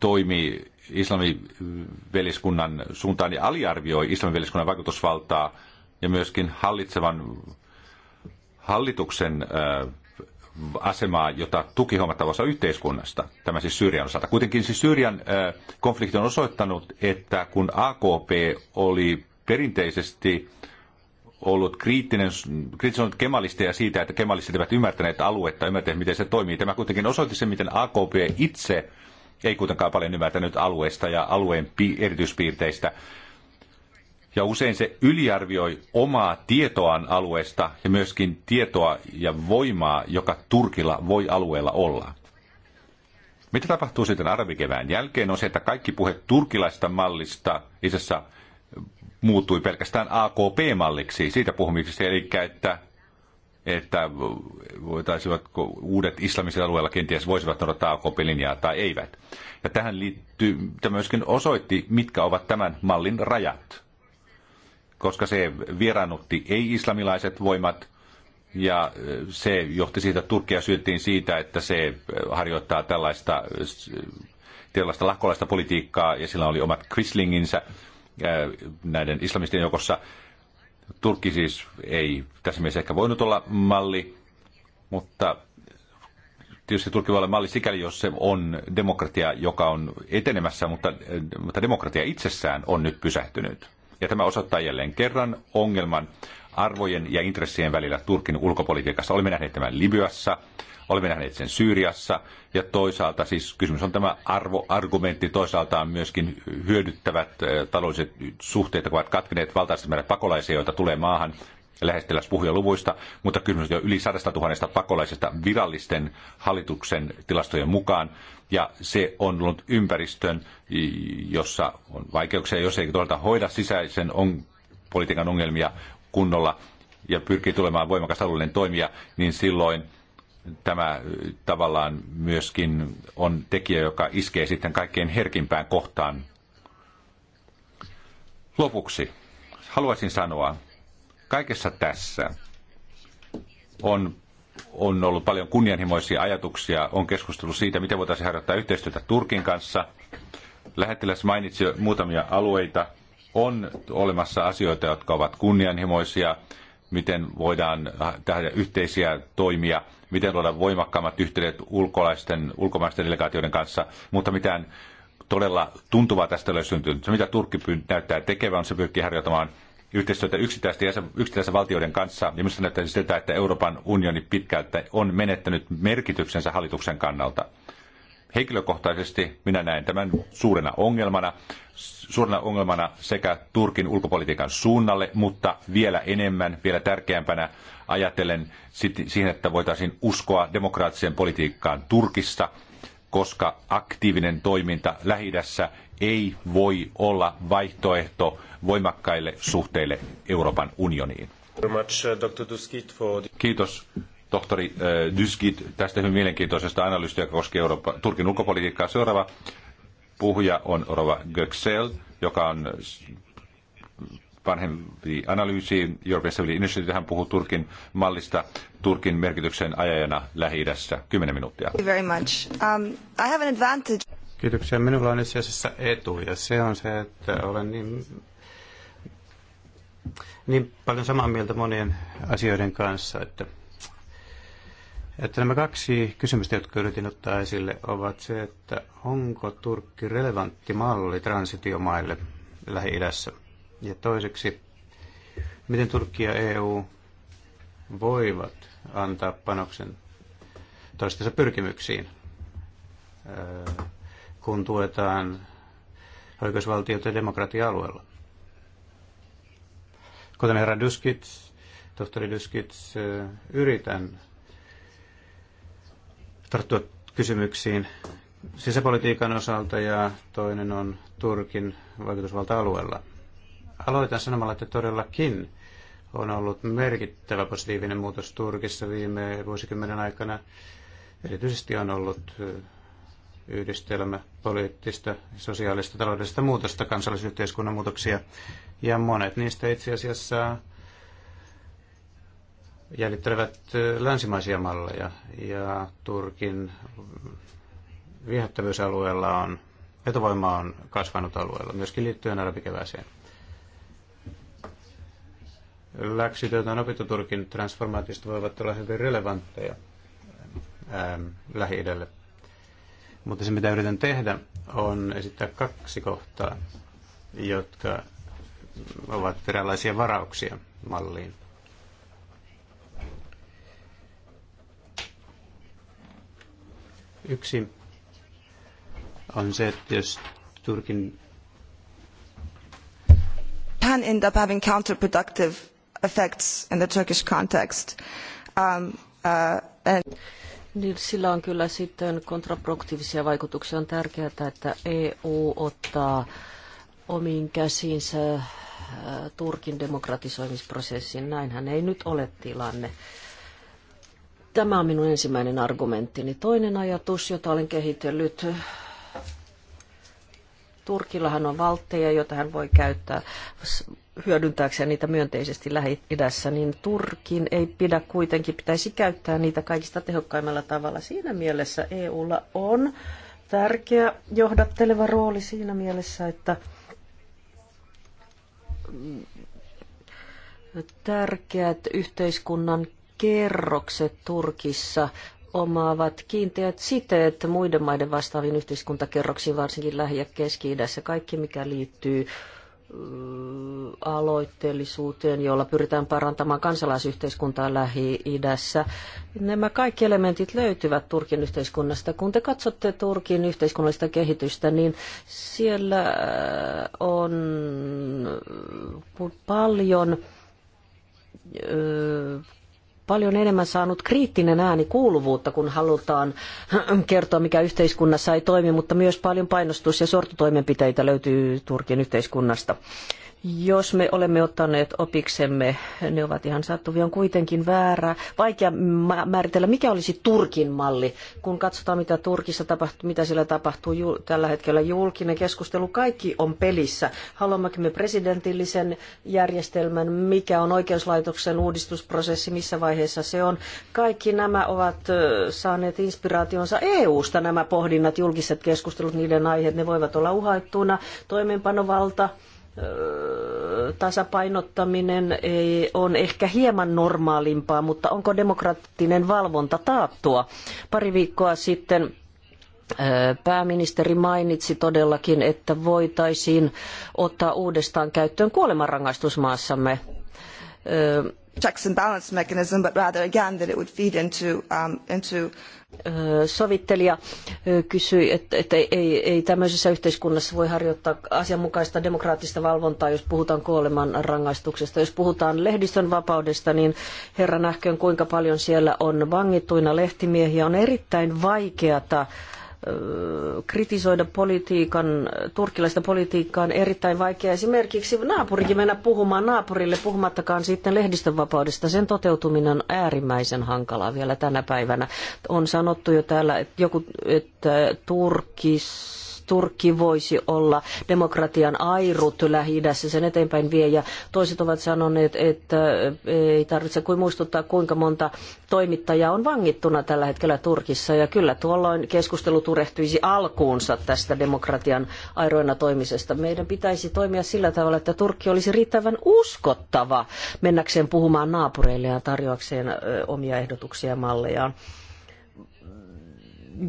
toimii islamiveliskunnan suuntaan ja aliarvioi islamiveliskunnan vaikutusvaltaa ja myöskin hallitsevan hallituksen äh, asemaa, jota tuki huomattavassa yhteiskunnasta, tämä siis Syyrian osalta. Kuitenkin siis Syyrian äh, konflikti on osoittanut, että kun AKP oli perinteisesti ollut kriittinen, kriittinen kemalisteja siitä, että kemalistit eivät ymmärtäneet aluetta, ymmärtäneet miten se toimii. Tämä kuitenkin osoitti sen, miten AKP itse ei kuitenkaan paljon ymmärtänyt alueesta ja alueen pi- erityispiirteistä ja usein se yliarvioi omaa tietoaan alueesta ja myöskin tietoa ja voimaa, joka Turkilla voi alueella olla. Mitä tapahtuu sitten arvikevään jälkeen on se, että kaikki puhe turkilaista mallista itse asiassa muuttui pelkästään AKP-malliksi, siitä puhumiseksi, eli että, että voitaisivatko uudet islamisilla alueilla kenties voisivat noudattaa AKP-linjaa tai eivät. Ja tähän liittyy, tämä myöskin osoitti, mitkä ovat tämän mallin rajat koska se vieraannutti ei-islamilaiset voimat ja äh, se johti siitä, että Turkia syyttiin siitä, että se äh, harjoittaa tällaista, äh, tällaista lakkolaista politiikkaa ja sillä oli omat krislinginsä näiden islamistien joukossa. Turkki siis ei tässä mielessä ehkä voinut olla malli, mutta tietysti Turkki voi olla malli sikäli, jos se on demokratia, joka on etenemässä, mutta, mutta demokratia itsessään on nyt pysähtynyt. Ja tämä osoittaa jälleen kerran ongelman arvojen ja intressien välillä Turkin ulkopolitiikassa. Olemme nähneet tämän Libyassa, olemme nähneet sen Syyriassa ja toisaalta siis kysymys on tämä arvoargumentti, toisaalta on myöskin hyödyttävät eh, taloudelliset suhteet, jotka ovat katkeneet valtaiset määrät pakolaisia, joita tulee maahan lähestellä puhuja luvuista, mutta kysymys on jo yli 100 000 pakolaisesta virallisten hallituksen tilastojen mukaan ja se on ollut ympäristön, jossa on vaikeuksia, jos ei tuolta hoida sisäisen on, politiikan ongelmia kunnolla ja pyrkii tulemaan voimakas alueellinen toimija, niin silloin tämä äh, tavallaan myöskin on tekijä, joka iskee sitten kaikkein herkimpään kohtaan. Lopuksi haluaisin sanoa, kaikessa tässä on on ollut paljon kunnianhimoisia ajatuksia. On keskustelu siitä, miten voitaisiin harjoittaa yhteistyötä Turkin kanssa. Lähettiläs mainitsi muutamia alueita. On olemassa asioita, jotka ovat kunnianhimoisia, miten voidaan tehdä yhteisiä toimia, miten luoda voimakkaammat yhteydet ulkolaisten, ulkomaisten delegaatioiden kanssa, mutta mitään todella tuntuvaa tästä ei ole syntynyt. Se, mitä Turkki näyttää tekevän, on se pyrkii harjoittamaan yhteistyötä yksittäisten, jäsen, yksittäisten valtioiden kanssa, ja minusta näyttäisi siltä, että Euroopan unioni pitkältä on menettänyt merkityksensä hallituksen kannalta. Henkilökohtaisesti minä näen tämän suurena ongelmana, suurena ongelmana sekä Turkin ulkopolitiikan suunnalle, mutta vielä enemmän, vielä tärkeämpänä ajatellen siihen, että voitaisiin uskoa demokraattiseen politiikkaan Turkissa, koska aktiivinen toiminta lähidässä ei voi olla vaihtoehto voimakkaille suhteille Euroopan unioniin. Uh, Kiitos tohtori uh, Dyskit tästä hyvin mielenkiintoisesta analyysistä, joka koskee Eurooppa, Turkin ulkopolitiikkaa. Seuraava puhuja on Rova Göksel, joka on vanhempi analyysi European Civil Initiative. Hän puhuu Turkin mallista Turkin merkityksen ajajana Lähi-idässä. Kymmenen minuuttia. Thank you very much. Um, I have an advantage. Kiitoksia. Minulla on itse asiassa etu, ja se on se, että olen niin, niin paljon samaa mieltä monien asioiden kanssa, että, että nämä kaksi kysymystä, jotka yritin ottaa esille, ovat se, että onko Turkki relevantti malli transitiomaille Lähi-idässä, ja toiseksi, miten Turkki ja EU voivat antaa panoksen toistensa pyrkimyksiin öö, kun tuetaan oikeusvaltiota ja demokratia-alueella. Kuten herra Duskits, tohtori Duskits, eh, yritän tarttua kysymyksiin sisäpolitiikan osalta ja toinen on Turkin vaikutusvalta-alueella. Aloitan sanomalla, että todellakin on ollut merkittävä positiivinen muutos Turkissa viime vuosikymmenen aikana. Erityisesti on ollut eh, yhdistelmä poliittista, sosiaalista, taloudellista muutosta, kansallisyhteiskunnan muutoksia. Ja monet niistä itse asiassa jäljittelevät länsimaisia malleja. Ja Turkin viehättävyysalueella on, vetovoima on kasvanut alueella, myöskin liittyen arabikevääseen. Läksyt, joita on opittu Turkin transformaatiosta, voivat olla hyvin relevantteja lähi mutta se, mitä yritän tehdä, on esittää kaksi kohtaa, jotka ovat eräänlaisia varauksia malliin. Yksi on se, että jos Turkin can end up having counterproductive effects in the Turkish context. Um, uh, and niin sillä on kyllä sitten kontraproduktiivisia vaikutuksia. On tärkeää, että EU ottaa omiin käsiinsä äh, Turkin demokratisoimisprosessin. Näinhän ei nyt ole tilanne. Tämä on minun ensimmäinen argumenttini. Toinen ajatus, jota olen kehitellyt, Turkillahan on valtteja, joita hän voi käyttää hyödyntääkseen niitä myönteisesti Lähi-idässä, niin Turkin ei pidä kuitenkin, pitäisi käyttää niitä kaikista tehokkaimmalla tavalla. Siinä mielessä EUlla on tärkeä johdatteleva rooli siinä mielessä, että tärkeät yhteiskunnan kerrokset Turkissa omaavat kiinteät siteet muiden maiden vastaaviin yhteiskuntakerroksiin, varsinkin Lähi- ja Keski-idässä. Kaikki, mikä liittyy Mm, aloitteellisuuteen, jolla pyritään parantamaan kansalaisyhteiskuntaa Lähi-idässä. Nämä kaikki elementit löytyvät Turkin yhteiskunnasta. Kun te katsotte Turkin yhteiskunnallista kehitystä, niin siellä äh, on äh, paljon äh, paljon enemmän saanut kriittinen ääni kuuluvuutta, kun halutaan kertoa, mikä yhteiskunnassa ei toimi, mutta myös paljon painostus- ja sortotoimenpiteitä löytyy Turkin yhteiskunnasta. Jos me olemme ottaneet opiksemme, ne ovat ihan sattuvia, on kuitenkin väärä. Vaikea määritellä, mikä olisi Turkin malli, kun katsotaan, mitä Turkissa tapahtuu, mitä siellä tapahtuu tällä hetkellä. Julkinen keskustelu, kaikki on pelissä. Haluammeko me presidentillisen järjestelmän, mikä on oikeuslaitoksen uudistusprosessi, missä vaiheessa se on. Kaikki nämä ovat saaneet inspiraationsa EU-sta nämä pohdinnat, julkiset keskustelut, niiden aiheet, ne voivat olla uhaittuna toimeenpanovalta tasapainottaminen ei, on ehkä hieman normaalimpaa, mutta onko demokraattinen valvonta taattua? Pari viikkoa sitten pääministeri mainitsi todellakin, että voitaisiin ottaa uudestaan käyttöön kuolemanrangaistus maassamme checks and balance mechanism, but rather again that it would feed into, um, into Sovittelija kysyi, että, että ei, ei, tämmöisessä yhteiskunnassa voi harjoittaa asianmukaista demokraattista valvontaa, jos puhutaan kuoleman rangaistuksesta. Jos puhutaan lehdistön vapaudesta, niin herra nähköön kuinka paljon siellä on vangittuina lehtimiehiä. On erittäin vaikeata kritisoida politiikan, turkilaista politiikkaa on erittäin vaikea. Esimerkiksi naapurikin mennä puhumaan naapurille, puhumattakaan sitten lehdistönvapaudesta. Sen toteutuminen on äärimmäisen hankalaa vielä tänä päivänä. On sanottu jo täällä, että, joku, että Turkis Turkki voisi olla demokratian airut Lähi-idässä sen eteenpäin vie. Ja toiset ovat sanoneet, että ei tarvitse kuin muistuttaa, kuinka monta toimittajaa on vangittuna tällä hetkellä Turkissa. Ja kyllä tuolloin keskustelu turehtyisi alkuunsa tästä demokratian airoina toimisesta. Meidän pitäisi toimia sillä tavalla, että Turkki olisi riittävän uskottava mennäkseen puhumaan naapureille ja tarjoakseen omia ehdotuksia ja mallejaan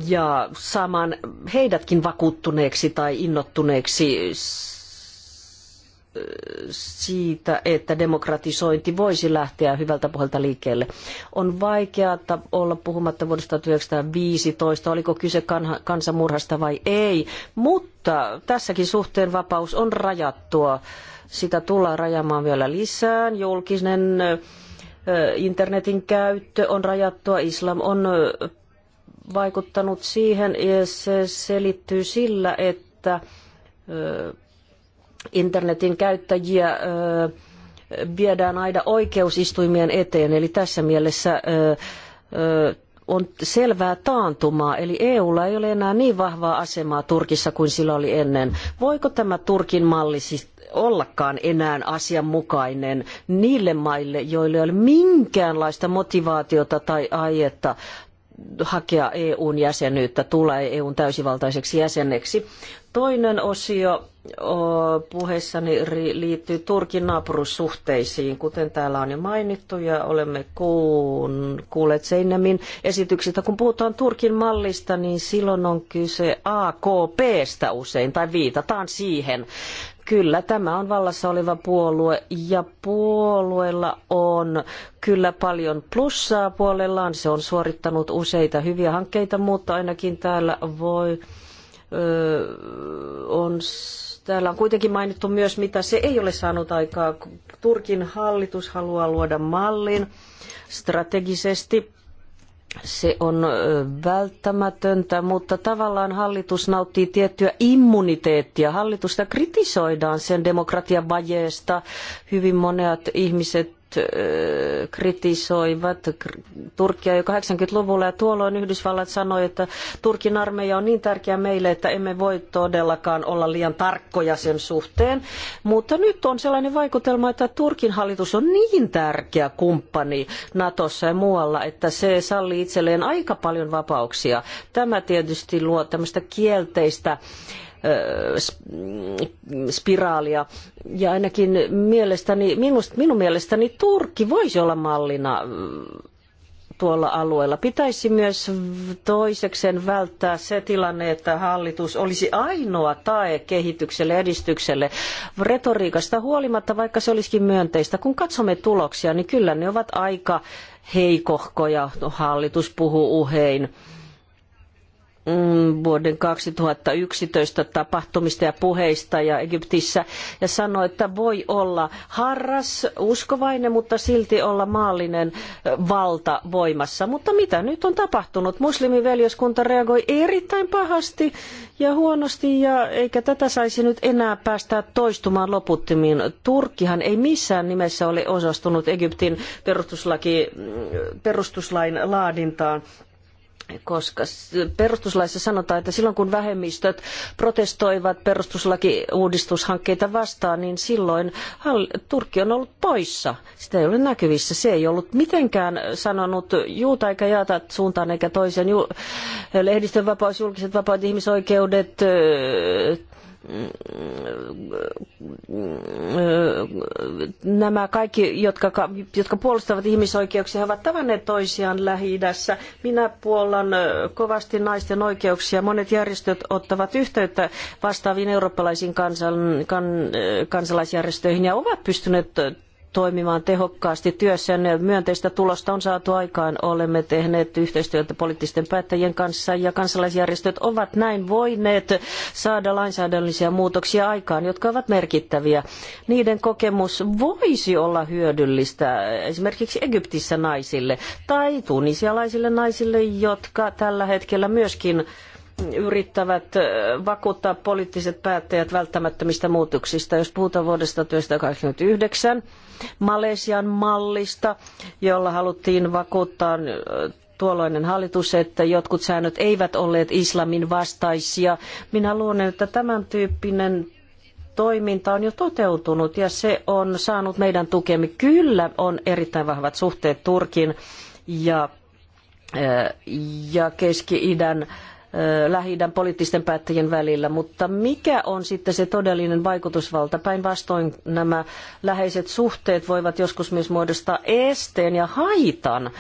ja saamaan heidätkin vakuuttuneeksi tai innottuneeksi siitä, että demokratisointi voisi lähteä hyvältä pohjalta liikkeelle. On vaikeaa olla puhumatta vuodesta 1915, oliko kyse kansanmurhasta vai ei, mutta tässäkin suhteen vapaus on rajattua. Sitä tullaan rajamaan vielä lisää. Julkinen internetin käyttö on rajattua, islam on vaikuttanut siihen ja se selittyy sillä, että internetin käyttäjiä viedään aina oikeusistuimien eteen. Eli tässä mielessä on selvää taantumaa, eli EUlla ei ole enää niin vahvaa asemaa Turkissa kuin sillä oli ennen. Voiko tämä Turkin malli siis ollakaan enää asianmukainen niille maille, joille ei ole minkäänlaista motivaatiota tai aietta hakea EUn jäsenyyttä, tulee EUn täysivaltaiseksi jäseneksi. Toinen osio puheessani liittyy Turkin naapurussuhteisiin, kuten täällä on jo mainittu ja olemme kuulleet Seinämin esityksistä. Kun puhutaan Turkin mallista, niin silloin on kyse AKPstä usein tai viitataan siihen. Kyllä, tämä on vallassa oleva puolue ja puolueella on kyllä paljon plussaa puolellaan. Se on suorittanut useita hyviä hankkeita, mutta ainakin täällä voi, öö, on Täällä on kuitenkin mainittu myös, mitä se ei ole saanut aikaa. Turkin hallitus haluaa luoda mallin strategisesti se on välttämätöntä, mutta tavallaan hallitus nauttii tiettyä immuniteettia. Hallitusta kritisoidaan sen demokratiavajeesta. Hyvin monet ihmiset kritisoivat Turkia jo 80-luvulla ja tuolloin Yhdysvallat sanoi, että Turkin armeija on niin tärkeä meille, että emme voi todellakaan olla liian tarkkoja sen suhteen. Mutta nyt on sellainen vaikutelma, että Turkin hallitus on niin tärkeä kumppani Natossa ja muualla, että se sallii itselleen aika paljon vapauksia. Tämä tietysti luo tämmöistä kielteistä spiraalia. Ja ainakin mielestäni, minust, minun mielestäni Turkki voisi olla mallina tuolla alueella. Pitäisi myös toisekseen välttää se tilanne, että hallitus olisi ainoa tae kehitykselle, edistykselle. Retoriikasta huolimatta, vaikka se olisikin myönteistä, kun katsomme tuloksia, niin kyllä ne ovat aika heikohkoja. No, hallitus puhuu uhein Mm, vuoden 2011 tapahtumista ja puheista ja Egyptissä ja sanoi, että voi olla harras, uskovainen, mutta silti olla maallinen valta voimassa. Mutta mitä nyt on tapahtunut? Muslimiveljeskunta reagoi erittäin pahasti ja huonosti ja eikä tätä saisi nyt enää päästä toistumaan loputtimiin. Turkkihan ei missään nimessä ole osastunut Egyptin perustuslaki, mm, perustuslain laadintaan koska perustuslaissa sanotaan, että silloin kun vähemmistöt protestoivat perustuslakiuudistushankkeita vastaan, niin silloin Turkki on ollut poissa. Sitä ei ole näkyvissä. Se ei ollut mitenkään sanonut juuta eikä jaata suuntaan eikä toisen. Ju- lehdistön vapaus, julkiset vapaat, ihmisoikeudet, nämä kaikki, jotka, jotka puolustavat ihmisoikeuksia, he ovat tavanneet toisiaan Lähi-idässä. Minä puollan kovasti naisten oikeuksia. Monet järjestöt ottavat yhteyttä vastaaviin eurooppalaisiin kansan, kan, kansalaisjärjestöihin ja ovat pystyneet toimimaan tehokkaasti työssään. Myönteistä tulosta on saatu aikaan. Olemme tehneet yhteistyötä poliittisten päättäjien kanssa ja kansalaisjärjestöt ovat näin voineet saada lainsäädännöllisiä muutoksia aikaan, jotka ovat merkittäviä. Niiden kokemus voisi olla hyödyllistä esimerkiksi Egyptissä naisille tai tunisialaisille naisille, jotka tällä hetkellä myöskin yrittävät vakuuttaa poliittiset päättäjät välttämättömistä muutoksista. Jos puhutaan vuodesta 1989 Malesian mallista, jolla haluttiin vakuuttaa tuolloinen hallitus, että jotkut säännöt eivät olleet islamin vastaisia. Minä luulen, että tämän tyyppinen toiminta on jo toteutunut ja se on saanut meidän tukemme. Kyllä on erittäin vahvat suhteet Turkin ja, ja Keski-idän lähi poliittisten päättäjien välillä, mutta mikä on sitten se todellinen vaikutusvalta? Päinvastoin nämä läheiset suhteet voivat joskus myös muodostaa esteen ja haitan.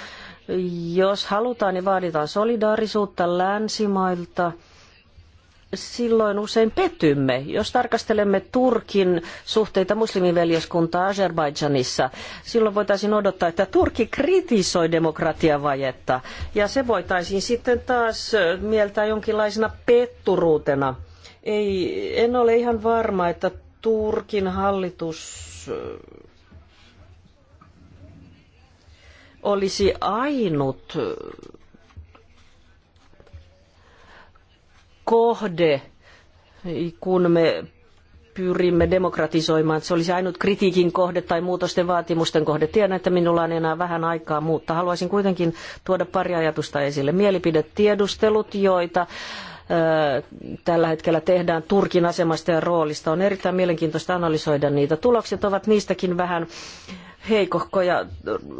Jos halutaan ja niin vaaditaan solidaarisuutta länsimailta – silloin usein petymme. Jos tarkastelemme Turkin suhteita muslimiveljeskuntaa Azerbaidžanissa, silloin voitaisiin odottaa, että Turkki kritisoi demokratiavajetta ja se voitaisiin sitten taas mieltää jonkinlaisena petturuutena. Ei, en ole ihan varma, että Turkin hallitus olisi ainut kohde, kun me pyrimme demokratisoimaan. Se olisi ainut kritiikin kohde tai muutosten vaatimusten kohde. Tiedän, että minulla on enää vähän aikaa, mutta haluaisin kuitenkin tuoda pari ajatusta esille. Mielipidetiedustelut, joita tällä hetkellä tehdään Turkin asemasta ja roolista. On erittäin mielenkiintoista analysoida niitä. Tulokset ovat niistäkin vähän heikohko ja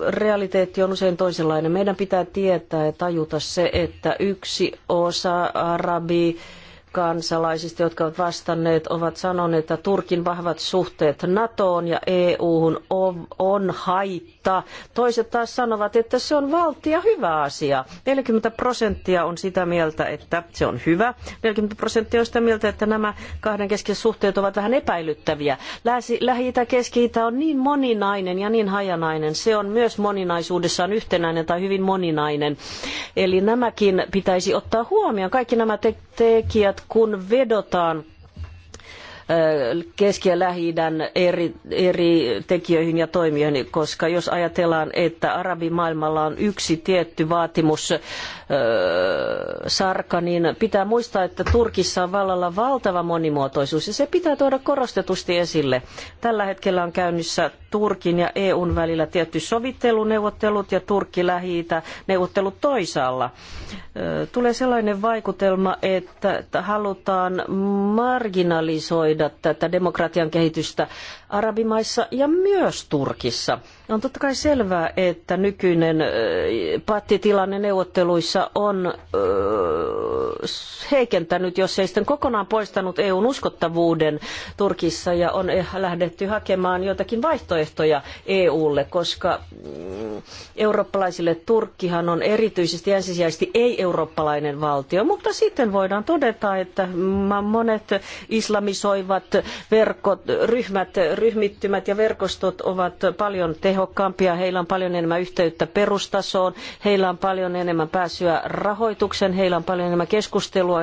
realiteetti on usein toisenlainen. Meidän pitää tietää ja tajuta se, että yksi osa arabi kansalaisista, jotka ovat vastanneet, ovat sanoneet, että Turkin vahvat suhteet NATOon ja EUhun on haitta. Toiset taas sanovat, että se on valtia hyvä asia. 40 prosenttia on sitä mieltä, että se on hyvä. 40 prosenttia on sitä mieltä, että nämä kahden kesken suhteet ovat vähän epäilyttäviä. Lähi-itä, keski-itä on niin moninainen ja niin hajanainen. Se on myös moninaisuudessaan yhtenäinen tai hyvin moninainen. Eli nämäkin pitäisi ottaa huomioon. Kaikki nämä tekijät kun vedotaan Keski- ja lähi eri, eri tekijöihin ja toimijoihin, koska jos ajatellaan, että arabimaailmalla on yksi tietty vaatimus sarka, niin pitää muistaa, että Turkissa on vallalla valtava monimuotoisuus ja se pitää tuoda korostetusti esille. Tällä hetkellä on käynnissä Turkin ja EUn välillä tietty sovitteluneuvottelut ja Turkki lähi neuvottelut toisaalla. Tulee sellainen vaikutelma, että halutaan marginalisoida tätä demokratian kehitystä arabimaissa ja myös Turkissa. On totta kai selvää, että nykyinen pattitilanne neuvotteluissa unionissa on heikentänyt, jos ei sitten kokonaan poistanut EUn uskottavuuden Turkissa ja on eh, lähdetty hakemaan joitakin vaihtoehtoja EUlle, koska mm, eurooppalaisille Turkkihan on erityisesti ensisijaisesti ei-eurooppalainen valtio, mutta sitten voidaan todeta, että monet islamisoivat verkot, ryhmät, ryhmittymät ja verkostot ovat paljon tehokkaampia, heillä on paljon enemmän yhteyttä perustasoon, heillä on paljon enemmän pääsyä liittyä rahoituksen. Heillä on paljon enemmän keskustelua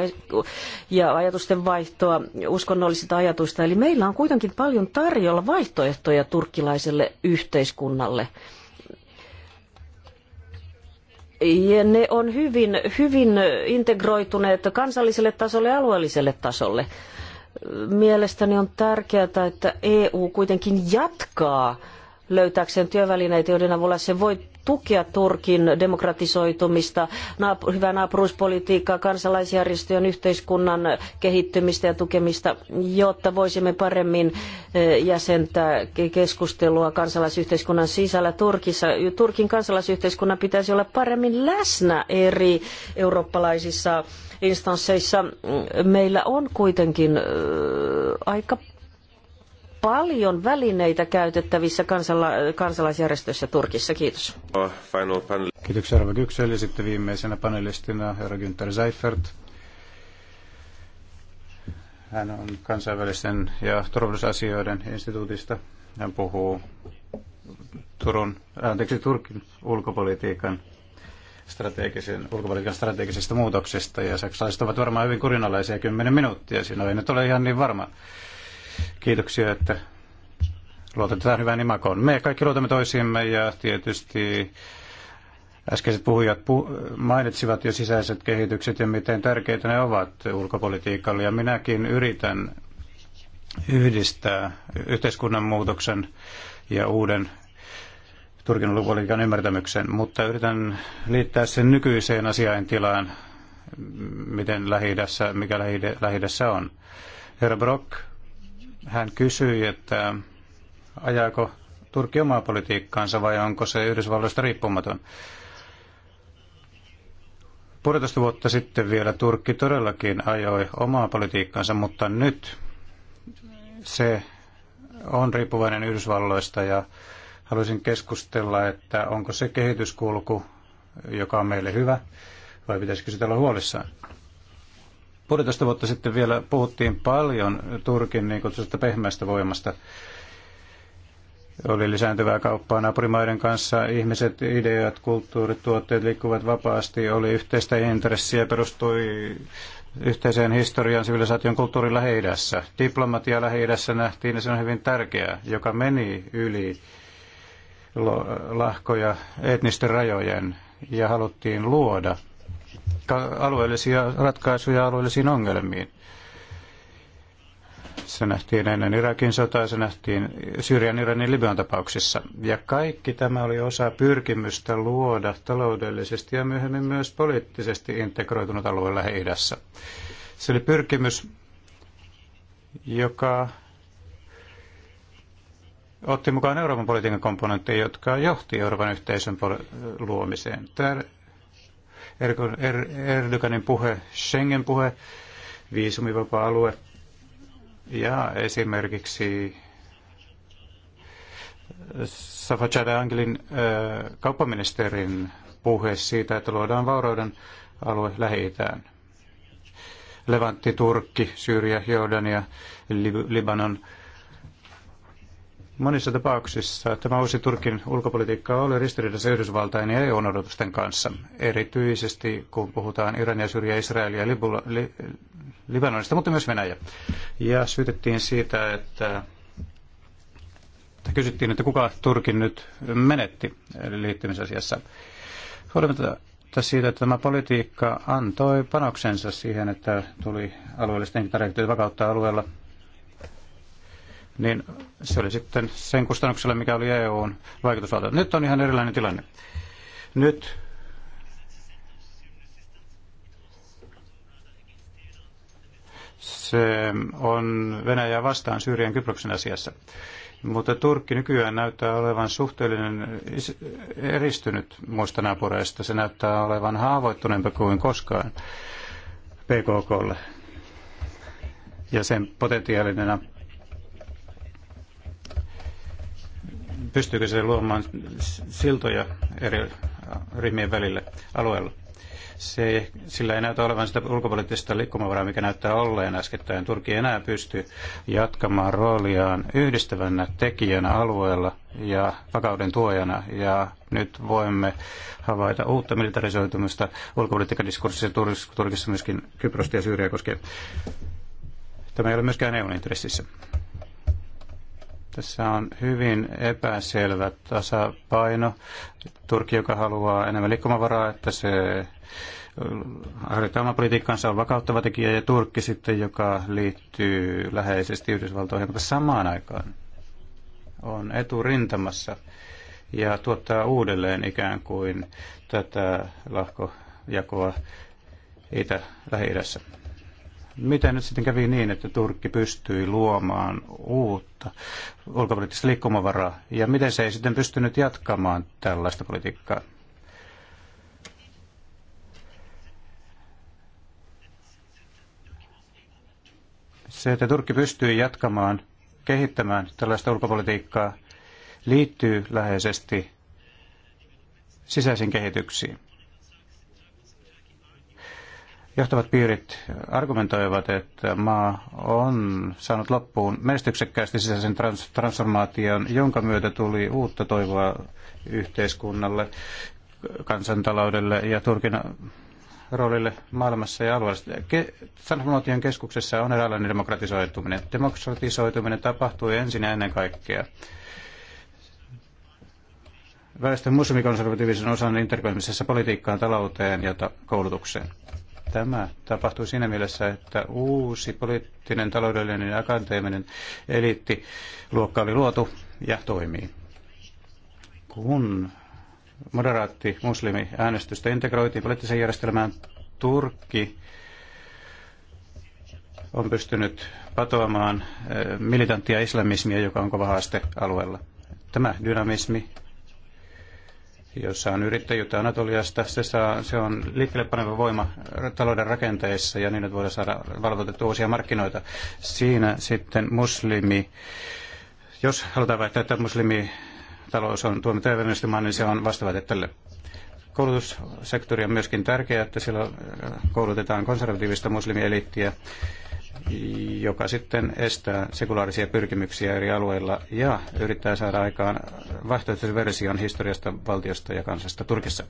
ja ajatusten vaihtoa uskonnollisista ajatuista. Eli meillä on kuitenkin paljon tarjolla vaihtoehtoja turkkilaiselle yhteiskunnalle. Ja ne on hyvin, hyvin integroituneet kansalliselle tasolle ja alueelliselle tasolle. Mielestäni on tärkeää, että EU kuitenkin jatkaa löytääkseen työvälineitä, joiden avulla se voi tukea Turkin demokratisoitumista, naap- hyvää naapuruuspolitiikkaa, kansalaisjärjestöjen yhteiskunnan kehittymistä ja tukemista, jotta voisimme paremmin e, jäsentää keskustelua kansalaisyhteiskunnan sisällä Turkissa. Turkin kansalaisyhteiskunnan pitäisi olla paremmin läsnä eri eurooppalaisissa instansseissa. Meillä on kuitenkin e, aika paljon välineitä käytettävissä kansala- kansalaisjärjestöissä Turkissa. Kiitos. Kiitoksia Arva ja sitten viimeisenä panelistina herra Günther Seifert. Hän on kansainvälisten ja turvallisuusasioiden instituutista. Hän puhuu Turun, anteeksi, Turkin ulkopolitiikan strategisen, ulkopolitiikan strategisesta muutoksesta ja saksalaiset ovat varmaan hyvin kurinalaisia kymmenen minuuttia. Siinä ei nyt ole ihan niin varma. Kiitoksia, että tähän hyvään imakoon. Me kaikki luotamme toisiimme ja tietysti äskeiset puhujat puh- mainitsivat jo sisäiset kehitykset ja miten tärkeitä ne ovat ulkopolitiikalle. Ja minäkin yritän yhdistää yhteiskunnan muutoksen ja uuden Turkin ulkopolitiikan ymmärtämyksen, mutta yritän liittää sen nykyiseen asiaintilaan, miten lähi mikä lähi on. Herra Brock hän kysyi, että ajaako Turkki omaa politiikkaansa vai onko se Yhdysvalloista riippumaton. Puolitoista vuotta sitten vielä Turkki todellakin ajoi omaa politiikkaansa, mutta nyt se on riippuvainen Yhdysvalloista ja haluaisin keskustella, että onko se kehityskulku, joka on meille hyvä, vai pitäisikö sitä olla huolissaan. Puolitoista vuotta sitten vielä puhuttiin paljon Turkin niin kutsusta pehmeästä voimasta. Oli lisääntyvää kauppaa naapurimaiden kanssa. Ihmiset, ideat, kulttuurit, tuotteet liikkuvat vapaasti. Oli yhteistä intressiä, perustui yhteiseen historiaan, sivilisaation kulttuurin läheidässä. Diplomatia läheidässä nähtiin ja se on hyvin tärkeää, joka meni yli lahkoja etnisten rajojen ja haluttiin luoda alueellisia ratkaisuja alueellisiin ongelmiin. Se nähtiin ennen Irakin sotaa, se nähtiin Syyrian, Iranin, Libyan tapauksissa. Ja kaikki tämä oli osa pyrkimystä luoda taloudellisesti ja myöhemmin myös poliittisesti integroitunut alue Lähi-idässä. Se oli pyrkimys, joka otti mukaan Euroopan politiikan komponentteja, jotka johti Euroopan yhteisön luomiseen. Tämä Er- Erdoganin puhe, Schengen-puhe, viisumivapaa-alue ja esimerkiksi äh, Safajada Angelin äh, kauppaministerin puhe siitä, että luodaan vaurauden alue Lähi-Itään. Levantti, Turkki, Syyria, Jordania, Libanon – Monissa tapauksissa tämä uusi Turkin ulkopolitiikka oli ristiriidassa Yhdysvaltain ja EUn odotusten kanssa, erityisesti kun puhutaan Irania, Syyriä, Israelia ja li, Libanonista, mutta myös Venäjä. Ja syytettiin siitä, että, että kysyttiin, että kuka Turkin nyt menetti liittymisasiassa. Huolimatta siitä, että tämä politiikka antoi panoksensa siihen, että tuli alueellisten tarjottuja vakautta alueella niin se oli sitten sen kustannuksella, mikä oli EUn vaikutusvalta. Nyt on ihan erilainen tilanne. Nyt se on Venäjää vastaan Syyrian Kyproksen asiassa. Mutta Turkki nykyään näyttää olevan suhteellinen eristynyt muista naapureista. Se näyttää olevan haavoittuneempi kuin koskaan PKKlle. Ja sen potentiaalinen pystyykö se luomaan siltoja eri äh, ryhmien välille alueella. Se, sillä ei näytä olevan sitä ulkopoliittista liikkumavaraa, mikä näyttää olleen äskettäin. Turki ei enää pysty jatkamaan rooliaan yhdistävänä tekijänä alueella ja vakauden tuojana. Ja nyt voimme havaita uutta militarisoitumista ulkopolitiikkadiskurssissa Turkissa myöskin Kyprosta ja Syyriä koskien. Tämä ei ole myöskään EUn intressissä. Tässä on hyvin epäselvä tasapaino. Turkki, joka haluaa enemmän liikkumavaraa, että se äh, harjoittaa oman on vakauttava tekijä, ja Turkki sitten, joka liittyy läheisesti Yhdysvaltoihin, mutta samaan aikaan on eturintamassa ja tuottaa uudelleen ikään kuin tätä lahkojakoa Itä, Lähi-idässä. Miten nyt sitten kävi niin, että Turkki pystyi luomaan uutta ulkopoliittista liikkumavaraa, ja miten se ei sitten pystynyt jatkamaan tällaista politiikkaa? Se, että Turkki pystyy jatkamaan, kehittämään tällaista ulkopolitiikkaa, liittyy läheisesti sisäisiin kehityksiin johtavat piirit argumentoivat, että maa on saanut loppuun menestyksekkäästi sisäisen trans- transformaation, jonka myötä tuli uutta toivoa yhteiskunnalle, kansantaloudelle ja Turkin roolille maailmassa ja alueellisesti. Ke- transformaation keskuksessa on eräänlainen demokratisoituminen. Demokratisoituminen tapahtui ensin ja ennen kaikkea väestön muslimikonservatiivisen osan integroimisessa politiikkaan, talouteen ja koulutukseen. Tämä tapahtui siinä mielessä, että uusi poliittinen, taloudellinen ja akateeminen eliittiluokka oli luotu ja toimii. Kun moderaatti muslimi äänestystä integroitiin poliittiseen järjestelmään, Turkki on pystynyt patoamaan eh, militanttia islamismia, joka on kova haaste alueella. Tämä dynamismi jossa on yrittäjyyttä Anatoliasta. Se, saa, se on liikkeelle paneva voima talouden rakenteissa ja niin, että voidaan saada valvotettua uusia markkinoita. Siinä sitten muslimi, jos halutaan väittää, että muslimitalous on tuomittu terveydellisesti niin se on vastaväite tälle koulutussektori on myöskin tärkeä, että siellä koulutetaan konservatiivista muslimieliittiä joka sitten estää sekulaarisia pyrkimyksiä eri alueilla ja yrittää saada aikaan vaihtoehtoisen version historiasta, valtiosta ja kansasta Turkissa.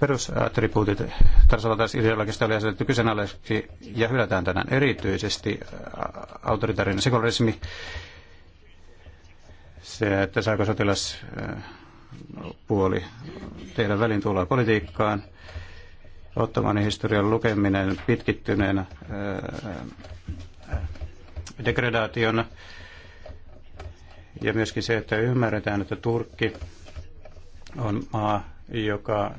Perusattribuutit tasavaltais ideologista oli asetettu kyseenalaiseksi ja hylätään tänään erityisesti autoritaarinen sekularismi, se, että saako sotilaspuoli tehdä välintuloa politiikkaan – Ottomanin historian lukeminen pitkittyneenä äh, äh, degradaationa ja myöskin se, että ymmärretään, että Turkki on maa, joka äh,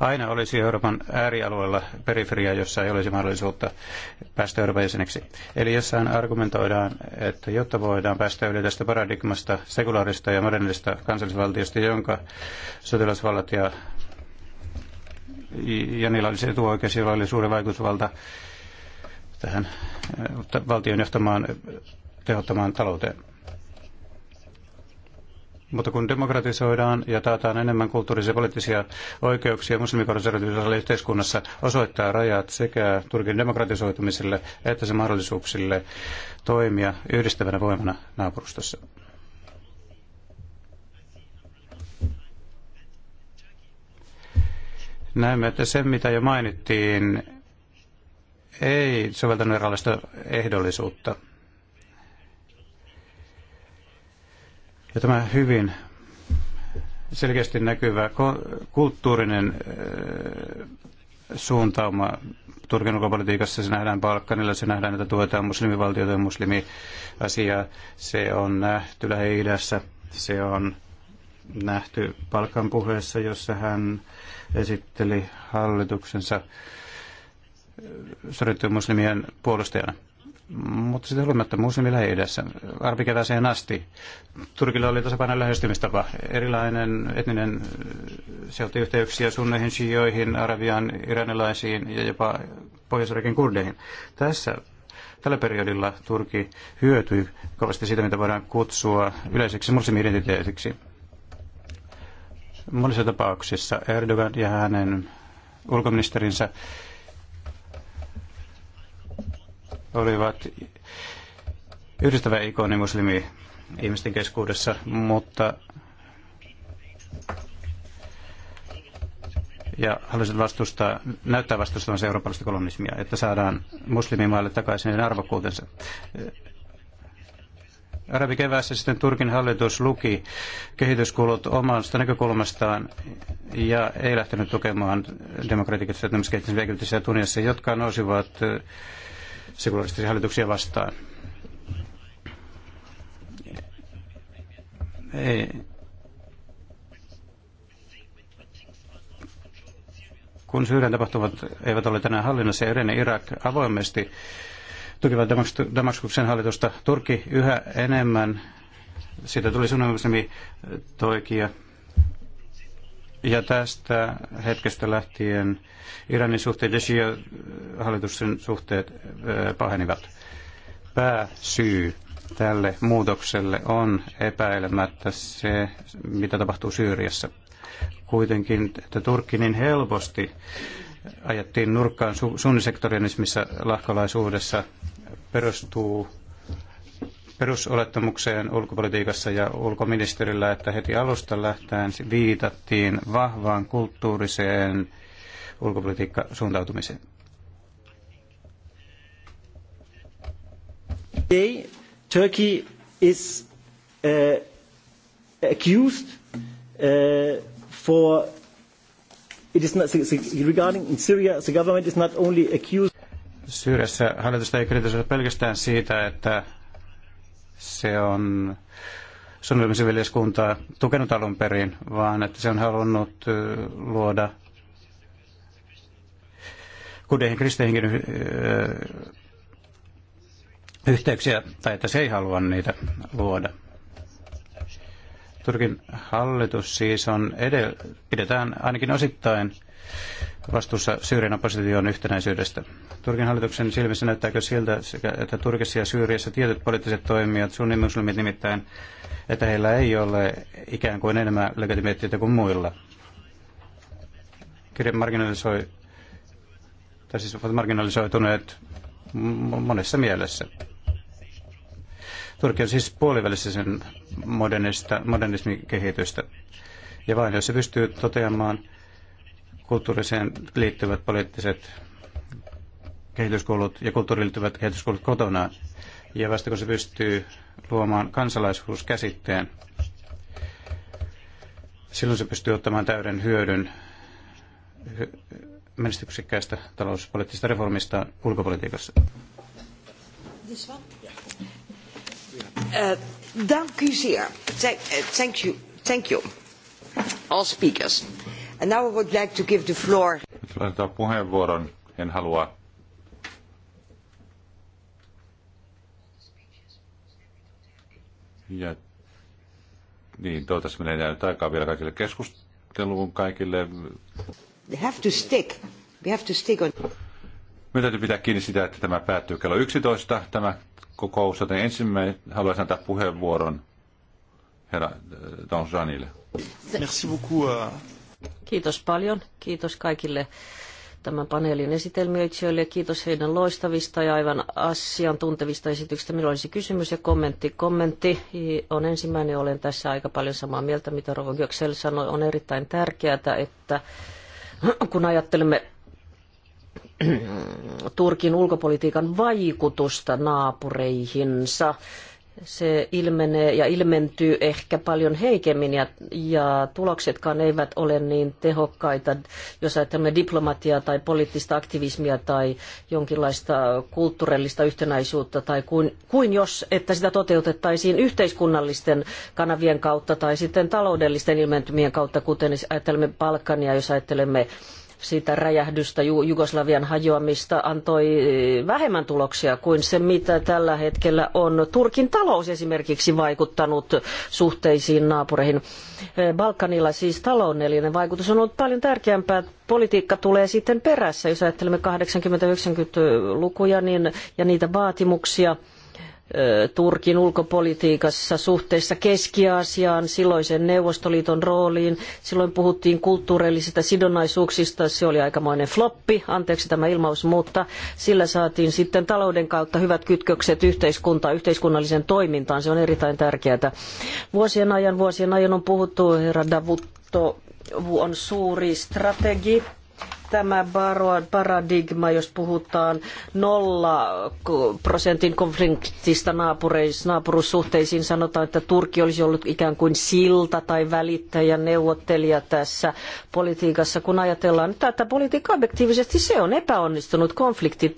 aina olisi Euroopan äärialueella periferia, jossa ei olisi mahdollisuutta päästä Euroopan jäseneksi. Eli jossain argumentoidaan, että jotta voidaan päästä yli tästä paradigmasta, sekulaarista ja modernista kansallisvaltiosta, jonka sotilasvallat ja ja niillä olisi etuoikeus, joilla oli suuri vaikutusvalta tähän eh, valtion johtamaan eh, tehottamaan talouteen. Mutta kun demokratisoidaan ja taataan enemmän kulttuurisia poliittisia oikeuksia muslimikonservatiivisessa yhteiskunnassa, osoittaa rajat sekä Turkin demokratisoitumiselle että sen mahdollisuuksille toimia yhdistävänä voimana naapurustossa. Näemme, että se mitä jo mainittiin ei soveltanut eräänlaista ehdollisuutta. Ja tämä hyvin selkeästi näkyvä kulttuurinen suuntauma Turkin ulkopolitiikassa, se nähdään Balkanilla, se nähdään, että tuetaan muslimivaltioita ja muslimiasiaa. Se on nähty lähi se on nähty Balkan puheessa, jossa hän esitteli hallituksensa syrjittyjen muslimien puolustajana. Mutta sitten huolimatta muslimi lähi-idässä, Arpikeväseen asti Turkilla oli tasapainoinen lähestymistapa. Erilainen etninen yhteyksiä sunneihin, shioihin, arabian, iranilaisiin ja jopa pohjois kurdeihin. Tässä tällä periodilla Turki hyötyi kovasti siitä, mitä voidaan kutsua yleiseksi muslimi-identiteetiksi monissa tapauksissa Erdogan ja hänen ulkoministerinsä olivat yhdistävä ikoni muslimi ihmisten keskuudessa, mutta ja haluaisin vastustaa, näyttää vastustavansa eurooppalaista kolonismia, että saadaan muslimimaille takaisin arvokkuutensa arabikeväässä sitten Turkin hallitus luki kehityskulut omasta näkökulmastaan ja ei lähtenyt tukemaan demokratiikassa ja Tunisiassa, jotka nousivat sekularistisia hallituksia vastaan. Ei. Kun Syyrian tapahtumat eivät ole tänään hallinnassa ja Irak avoimesti tukivat Damaskuksen hallitusta. Turki yhä enemmän, siitä tuli suunnitelmallisesti eh, toikia. Ja tästä hetkestä lähtien Iranin suhteet ja Shia-hallituksen suhteet eh, pahenivat. Pääsyy tälle muutokselle on epäilemättä se, mitä tapahtuu Syyriassa. Kuitenkin, että Turkki niin helposti ajettiin nurkkaan sunnisektorianismissa lahkolaisuudessa perustuu perusolettamukseen ulkopolitiikassa ja ulkoministerillä, että heti alusta lähtien viitattiin vahvaan kulttuuriseen ulkopolitiikkasuuntautumiseen. Today, Turkey is uh, accused uh, for it is not regarding in Syria. The government is not only accused. Syyriassa hallitusta ei kritisoida pelkästään siitä, että se on sunnilmisiveljeskuntaa tukenut alun perin, vaan että se on halunnut luoda kudeihin kristeihinkin yhteyksiä, tai että se ei halua niitä luoda. Turkin hallitus siis on edellä, pidetään ainakin osittain vastuussa Syyrian opposition yhtenäisyydestä. Turkin hallituksen silmissä näyttääkö siltä, että Turkissa ja Syyriassa tietyt poliittiset toimijat, sunnimuslimit nimittäin, että heillä ei ole ikään kuin enemmän legitimiteettiä kuin muilla. Kirja marginalisoi, tai siis ovat marginalisoituneet monessa mielessä. Turkki on siis puolivälissä sen modernista, modernismikehitystä. Ja vain jos se pystyy toteamaan, kulttuuriseen liittyvät poliittiset kehityskoulut ja kulttuuriin liittyvät kehityskoulut kotonaan. Ja vasta kun se pystyy luomaan kansalaisuuskäsitteen, silloin se pystyy ottamaan täyden hyödyn menestyksekkäistä talouspoliittisesta reformista ulkopolitiikassa. Uh, uh, Thank you. Thank you. All speakers. And now I would like to give the floor. antaa puheenvuoron. En halua Ja niin, toivottavasti menee nyt aikaa vielä kaikille keskusteluun, kaikille. We have to stick. We have to stick on. Meidän täytyy pitää kiinni sitä, että tämä päättyy kello 11, tämä kokous, joten ensimmäinen haluaisin antaa puheenvuoron herra äh, Donjanille. Merci beaucoup. Euh, Kiitos paljon. Kiitos kaikille tämän paneelin esitelmiöitsijöille. Kiitos heidän loistavista ja aivan asiantuntevista esityksistä. Minulla olisi kysymys ja kommentti. Kommentti on ensimmäinen. Olen tässä aika paljon samaa mieltä, mitä Rovo Göksel sanoi. On erittäin tärkeää, että kun ajattelemme Turkin ulkopolitiikan vaikutusta naapureihinsa, se ilmenee ja ilmentyy ehkä paljon heikemmin ja, ja tuloksetkaan eivät ole niin tehokkaita, jos ajattelemme diplomatiaa tai poliittista aktivismia tai jonkinlaista kulttuurillista yhtenäisyyttä tai kuin, kuin jos, että sitä toteutettaisiin yhteiskunnallisten kanavien kautta tai sitten taloudellisten ilmentymien kautta, kuten ajattelemme Balkania, jos ajattelemme ajattelemme siitä räjähdystä, Jugoslavian hajoamista, antoi eh, vähemmän tuloksia kuin se, mitä tällä hetkellä on Turkin talous esimerkiksi vaikuttanut suhteisiin naapureihin. Eh, Balkanilla siis taloudellinen vaikutus on ollut paljon tärkeämpää. Politiikka tulee sitten perässä, jos ajattelemme 80-90-lukuja niin, ja niitä vaatimuksia – Turkin ulkopolitiikassa suhteessa Keski-Aasiaan, silloisen Neuvostoliiton rooliin. Silloin puhuttiin kulttuurillisista sidonnaisuuksista, se oli aikamoinen floppi, anteeksi tämä ilmaus, mutta sillä saatiin sitten talouden kautta hyvät kytkökset yhteiskuntaan, yhteiskunnalliseen toimintaan, se on erittäin tärkeää. Vuosien ajan, vuosien ajan on puhuttu, herra Davutto on suuri strategi, tämä paradigma, jos puhutaan nolla prosentin konfliktista naapuruussuhteisiin, sanotaan, että Turkki olisi ollut ikään kuin silta tai välittäjä, neuvottelija tässä politiikassa. Kun ajatellaan tätä politiikkaa objektiivisesti, se on epäonnistunut. Konfliktit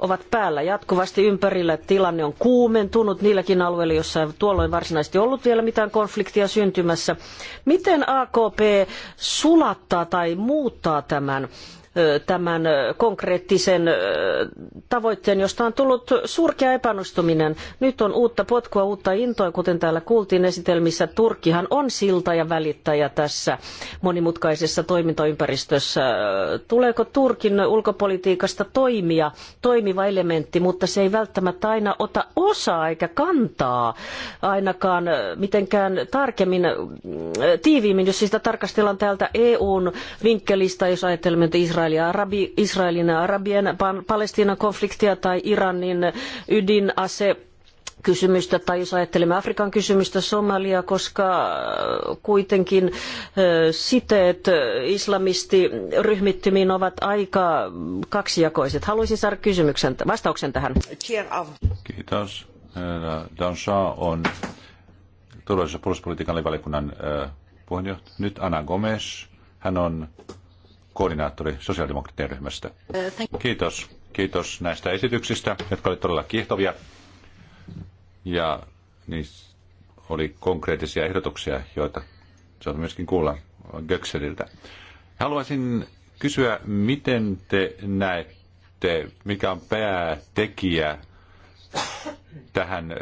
ovat päällä jatkuvasti ympärillä. Tilanne on kuumentunut niilläkin alueilla, joissa ei tuolloin varsinaisesti ollut vielä mitään konfliktia syntymässä. Miten AKP sulattaa tai muuttaa tämän? tämän konkreettisen tavoitteen, josta on tullut surkea epäonnistuminen. Nyt on uutta potkua, uutta intoa, kuten täällä kuultiin esitelmissä. Turkkihan on silta ja välittäjä tässä monimutkaisessa toimintaympäristössä. Tuleeko Turkin ulkopolitiikasta toimia, toimiva elementti, mutta se ei välttämättä aina ota osaa eikä kantaa ainakaan mitenkään tarkemmin, tiiviimmin, jos sitä tarkastellaan täältä EUn vinkkelistä, jos ajattelemme, että Israel Israelia, Arabi, Israelin ja Arabien Palestiinan konfliktia tai Iranin ydinase kysymystä tai jos ajattelemme Afrikan kysymystä Somalia, koska äh, kuitenkin äh, siteet äh, islamistiryhmittymiin ovat aika kaksijakoiset. Haluaisin saada kysymyksen, vastauksen tähän. Kiitos. Dansa on turvallisuus- ja puolustuspolitiikan puheenjohtaja. Nyt Ana Gomes. Hän on koordinaattori sosiaalidemokraattien ryhmästä. Uh, Kiitos. Kiitos näistä esityksistä, jotka olivat todella kiehtovia. Ja niissä oli konkreettisia ehdotuksia, joita saatiin myöskin kuulla Gökseliltä. Haluaisin kysyä, miten te näette, mikä on päätekijä tähän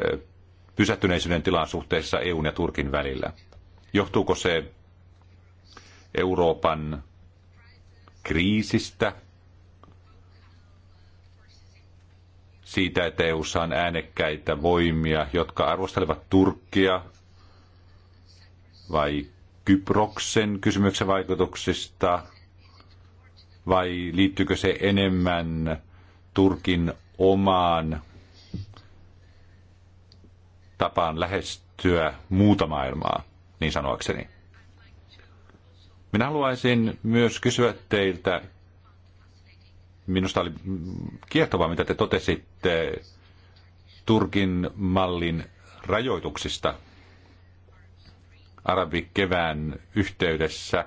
pysähtyneisyyden tilaan suhteessa EUn ja Turkin välillä? Johtuuko se Euroopan kriisistä, siitä, että eu on äänekkäitä voimia, jotka arvostelevat Turkkia vai Kyproksen kysymyksen vaikutuksista, vai liittyykö se enemmän Turkin omaan tapaan lähestyä muuta maailmaa, niin sanoakseni? Minä haluaisin myös kysyä teiltä, minusta oli kiehtovaa, mitä te totesitte Turkin mallin rajoituksista arabikevään yhteydessä.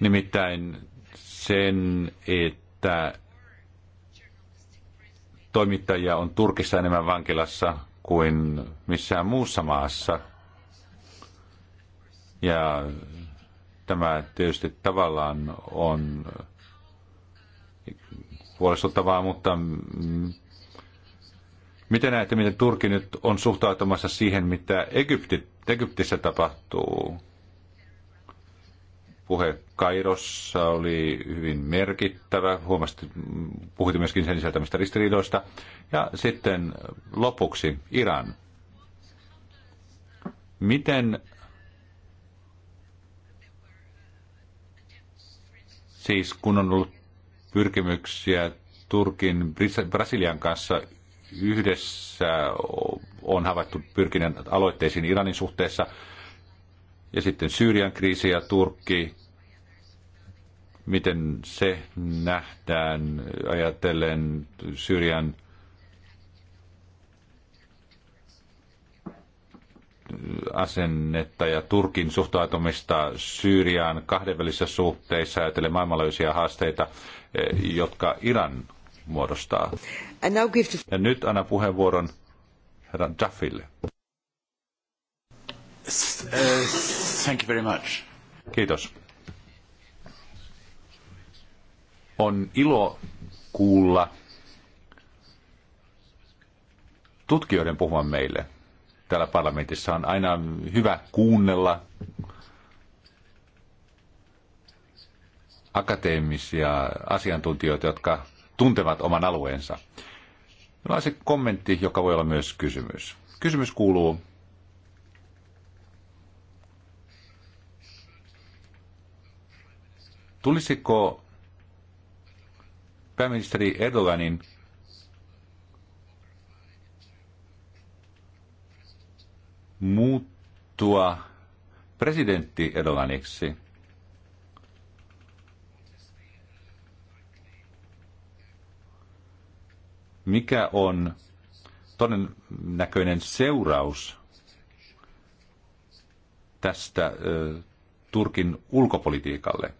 Nimittäin sen, että toimittajia on Turkissa enemmän vankilassa kuin missään muussa maassa. Ja Tämä tietysti tavallaan on huolestuttavaa, mutta miten näette, miten Turki nyt on suhtautumassa siihen, mitä Egypti, Egyptissä tapahtuu? Puhe Kairossa oli hyvin merkittävä. Huomasti puhuitte myöskin sen sisältämistä ristiriidoista. Ja sitten lopuksi Iran. Miten Siis kun on ollut pyrkimyksiä Turkin, Brasilian kanssa yhdessä on havaittu pyrkinnän aloitteisiin Iranin suhteessa. Ja sitten Syyrian kriisi ja Turkki, miten se nähdään ajatellen Syyrian asennetta ja Turkin suhtautumista Syyriaan kahdenvälisissä suhteissa ajatellen maailmanlaajuisia haasteita, eh, jotka Iran muodostaa. Ja nyt anna puheenvuoron herra Jaffille. Eh, thank you very much. Kiitos. On ilo kuulla tutkijoiden puhuvan meille – täällä parlamentissa. On aina hyvä kuunnella akateemisia asiantuntijoita, jotka tuntevat oman alueensa. Meillä on se kommentti, joka voi olla myös kysymys. Kysymys kuuluu, tulisiko pääministeri Erdoganin muuttua presidentti Erdoganiksi. Mikä on todennäköinen seuraus tästä Turkin ulkopolitiikalle?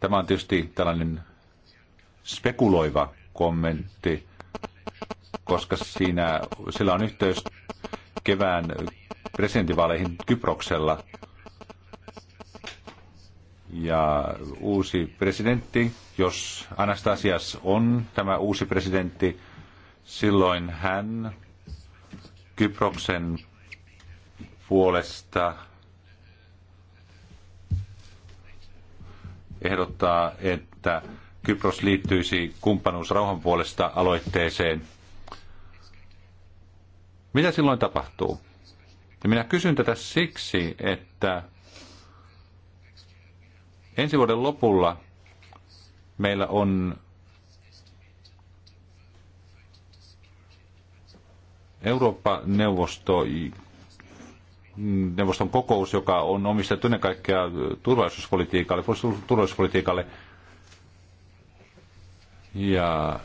Tämä on tietysti tällainen spekuloiva kommentti, koska siinä, sillä on yhteys kevään presidentinvaaleihin Kyproksella. Ja uusi presidentti, jos Anastasias on tämä uusi presidentti, silloin hän Kyproksen puolesta ehdottaa, että Kypros liittyisi kumppanuusrauhan puolesta aloitteeseen – mitä silloin tapahtuu? Ja minä kysyn tätä siksi, että ensi vuoden lopulla meillä on Eurooppa-neuvosto neuvoston kokous, joka on omistettu ennen kaikkea turvallisuuspolitiikalle, turvallisuuspolitiikalle. Ja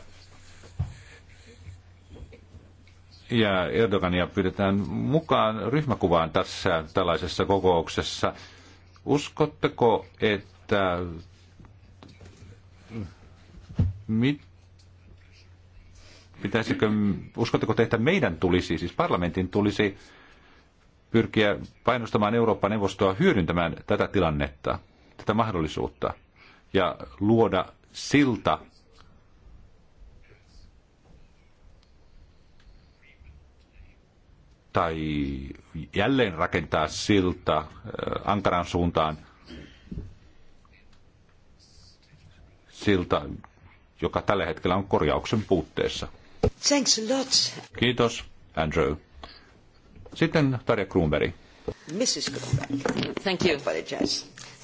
ja Erdogania pyydetään mukaan ryhmäkuvaan tässä tällaisessa kokouksessa. Uskotteko, että mit, pitäisikö, uskotteko te, että meidän tulisi, siis parlamentin tulisi pyrkiä painostamaan Euroopan neuvostoa hyödyntämään tätä tilannetta, tätä mahdollisuutta ja luoda silta tai jälleen rakentaa silta Ankaran suuntaan, silta, joka tällä hetkellä on korjauksen puutteessa. Thanks a lot. Kiitos, Andrew. Sitten Tarja Kruunberg. Mrs. thank you.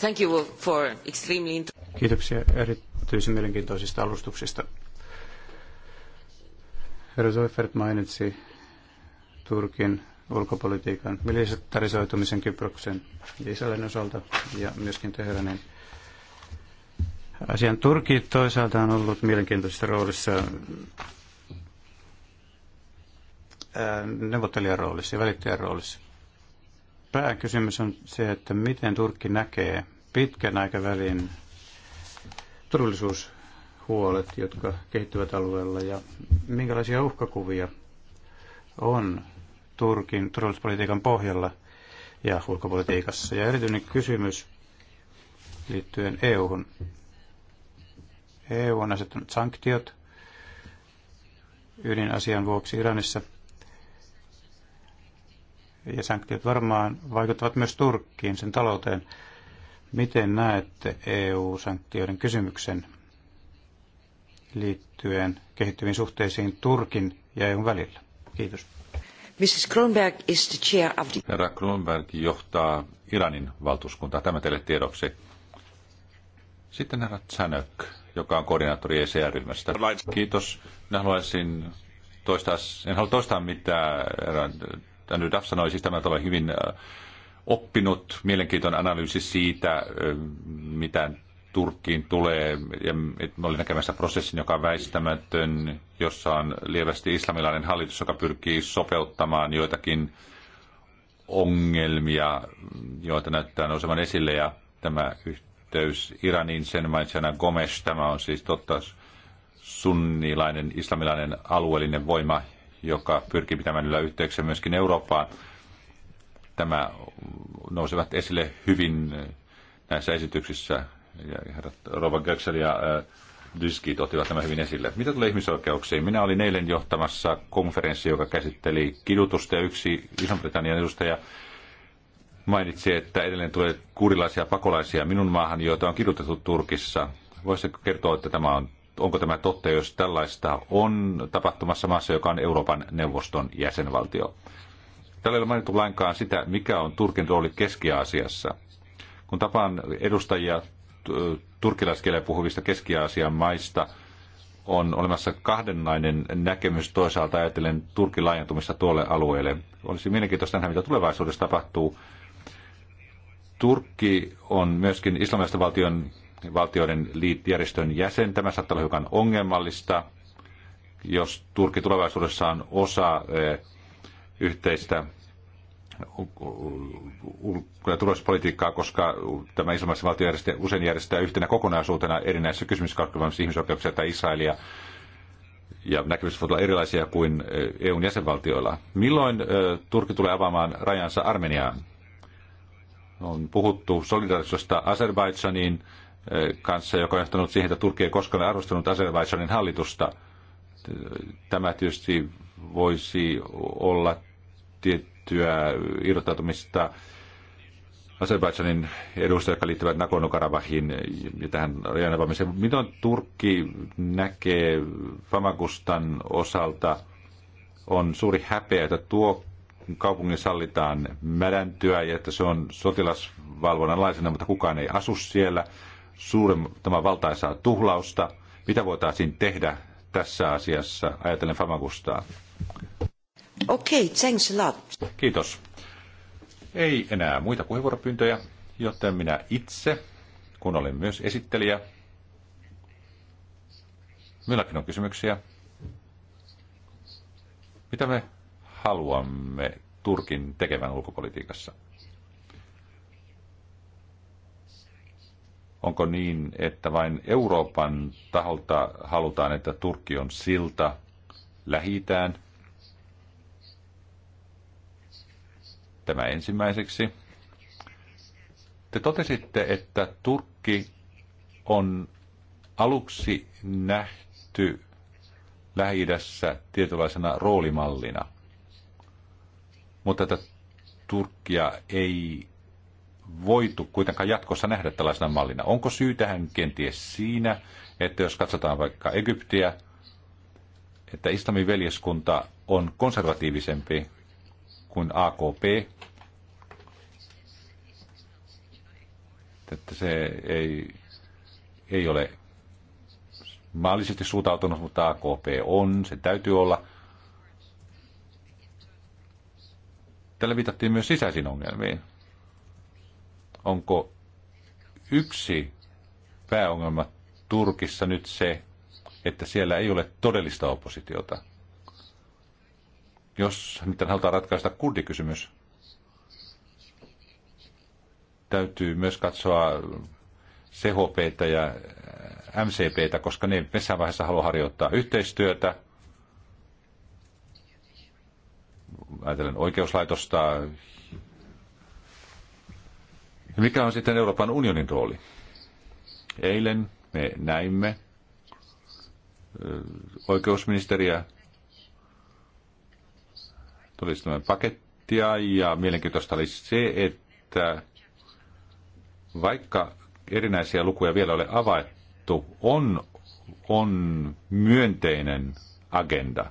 Thank you for extremely... Kiitoksia erityisen mielenkiintoisista alustuksista. Herra Zoifert mainitsi Turkin ulkopolitiikan militarisoitumisen Kyproksen ja Israelin osalta ja myöskin Teheranin asian. Turkki toisaalta on ollut mielenkiintoisessa roolissa neuvottelijan roolissa ja välittäjän roolissa. Pääkysymys on se, että miten Turkki näkee pitkän aikavälin turvallisuushuolet, jotka kehittyvät alueella ja minkälaisia uhkakuvia on Turkin turvallisuuspolitiikan pohjalla ja ulkopolitiikassa. Ja erityinen kysymys liittyen EU-hun. EU on asettanut sanktiot ydinasian vuoksi Iranissa. Ja sanktiot varmaan vaikuttavat myös Turkkiin, sen talouteen. Miten näette EU-sanktioiden kysymyksen liittyen kehittyviin suhteisiin Turkin ja EUn välillä? Kiitos. Mrs. Kronberg is the chair of the... Herra Kronberg johtaa Iranin valtuuskuntaa. Tämä teille tiedoksi. Sitten herra Chanök, joka on koordinaattori ECR-ryhmästä. Kiitos. Minä haluaisin toistaa, en halua toistaa mitä herra Andrew Duff sanoi, siis tämä tulee hyvin äh, oppinut, mielenkiintoinen analyysi siitä, äh, mitä Turkkiin tulee. Ja mä olin näkemässä prosessin, joka on väistämätön, jossa on lievästi islamilainen hallitus, joka pyrkii sopeuttamaan joitakin ongelmia, joita näyttää nousevan esille. Ja tämä yhteys Iranin sen mainitsena Gomes, tämä on siis totta sunnilainen islamilainen alueellinen voima, joka pyrkii pitämään yllä yhteyksiä myöskin Eurooppaan. Tämä nousevat esille hyvin näissä esityksissä ja herrat Rova Göksel ja äh, Dyski ottivat tämän hyvin esille. Mitä tulee ihmisoikeuksiin? Minä olin eilen johtamassa konferenssi, joka käsitteli kidutusta ja yksi Iso-Britannian edustaja mainitsi, että edelleen tulee kurilaisia pakolaisia minun maahan, joita on kidutettu Turkissa. Voisitko kertoa, että tämä on, onko tämä totta, jos tällaista on tapahtumassa maassa, joka on Euroopan neuvoston jäsenvaltio? Tällä ei ole mainittu lainkaan sitä, mikä on Turkin rooli Keski-Aasiassa. Kun tapaan edustajia turkilaiskielellä puhuvista Keski-Aasian maista on olemassa kahdenlainen näkemys toisaalta ajatellen Turkin laajentumista tuolle alueelle. Olisi mielenkiintoista nähdä, mitä tulevaisuudessa tapahtuu. Turkki on myöskin islamilaisten valtion, valtioiden järjestön jäsen. Tämä saattaa olla hiukan ongelmallista, jos Turkki tulevaisuudessa on osa yhteistä ulko- ja turvallisuuspolitiikkaa, koska tämä islamilaisen valtio usein järjestää yhtenä kokonaisuutena erinäisissä kysymyksissä ihmisoikeuksia tai Israelia. Ja näkemykset voivat olla erilaisia kuin eh, EUn jäsenvaltioilla. Milloin eh, Turkki tulee avaamaan rajansa Armeniaan? On puhuttu solidarisuudesta Azerbaidžanin eh, kanssa, joka on johtanut siihen, että Turkki ei koskaan arvostanut Azerbaidžanin hallitusta. Tämä tietysti voisi olla liittyä irrottautumista Azerbaidžanin edustajia, jotka liittyvät Nagorno-Karabahin ja tähän rajanavaamiseen. Miten Turkki näkee Famagustan osalta? On suuri häpeä, että tuo kaupungin sallitaan mädäntyä ja että se on sotilasvalvonnan laisena, mutta kukaan ei asu siellä. Suurin tämä valtaisaa tuhlausta. Mitä voitaisiin tehdä tässä asiassa? Ajatellen Famagustaa. Okay, thanks a lot. Kiitos. Ei enää muita puheenvuoropyyntöjä, joten minä itse, kun olen myös esittelijä, Milläkin on kysymyksiä? Mitä me haluamme Turkin tekevän ulkopolitiikassa? Onko niin, että vain Euroopan taholta halutaan, että Turkki on silta lähitään – Tämä ensimmäiseksi. Te totesitte, että Turkki on aluksi nähty lähi tietynlaisena roolimallina, mutta tätä Turkkia ei voitu kuitenkaan jatkossa nähdä tällaisena mallina. Onko syy tähän kenties siinä, että jos katsotaan vaikka Egyptiä, että islamin veljeskunta on konservatiivisempi kuin AKP. Että se ei, ei ole maallisesti suutautunut, mutta AKP on, se täytyy olla. Tällä viitattiin myös sisäisiin ongelmiin. Onko yksi pääongelma Turkissa nyt se, että siellä ei ole todellista oppositiota? Jos nyt halutaan ratkaista kurdikysymys, täytyy myös katsoa CHP ja MCP, koska ne missään vaiheessa haluaa harjoittaa yhteistyötä. Ajatellen oikeuslaitosta. Ja mikä on sitten Euroopan unionin rooli? Eilen me näimme oikeusministeriä todistelmien pakettia ja mielenkiintoista oli se, että vaikka erinäisiä lukuja vielä ole avattu, on, on myönteinen agenda.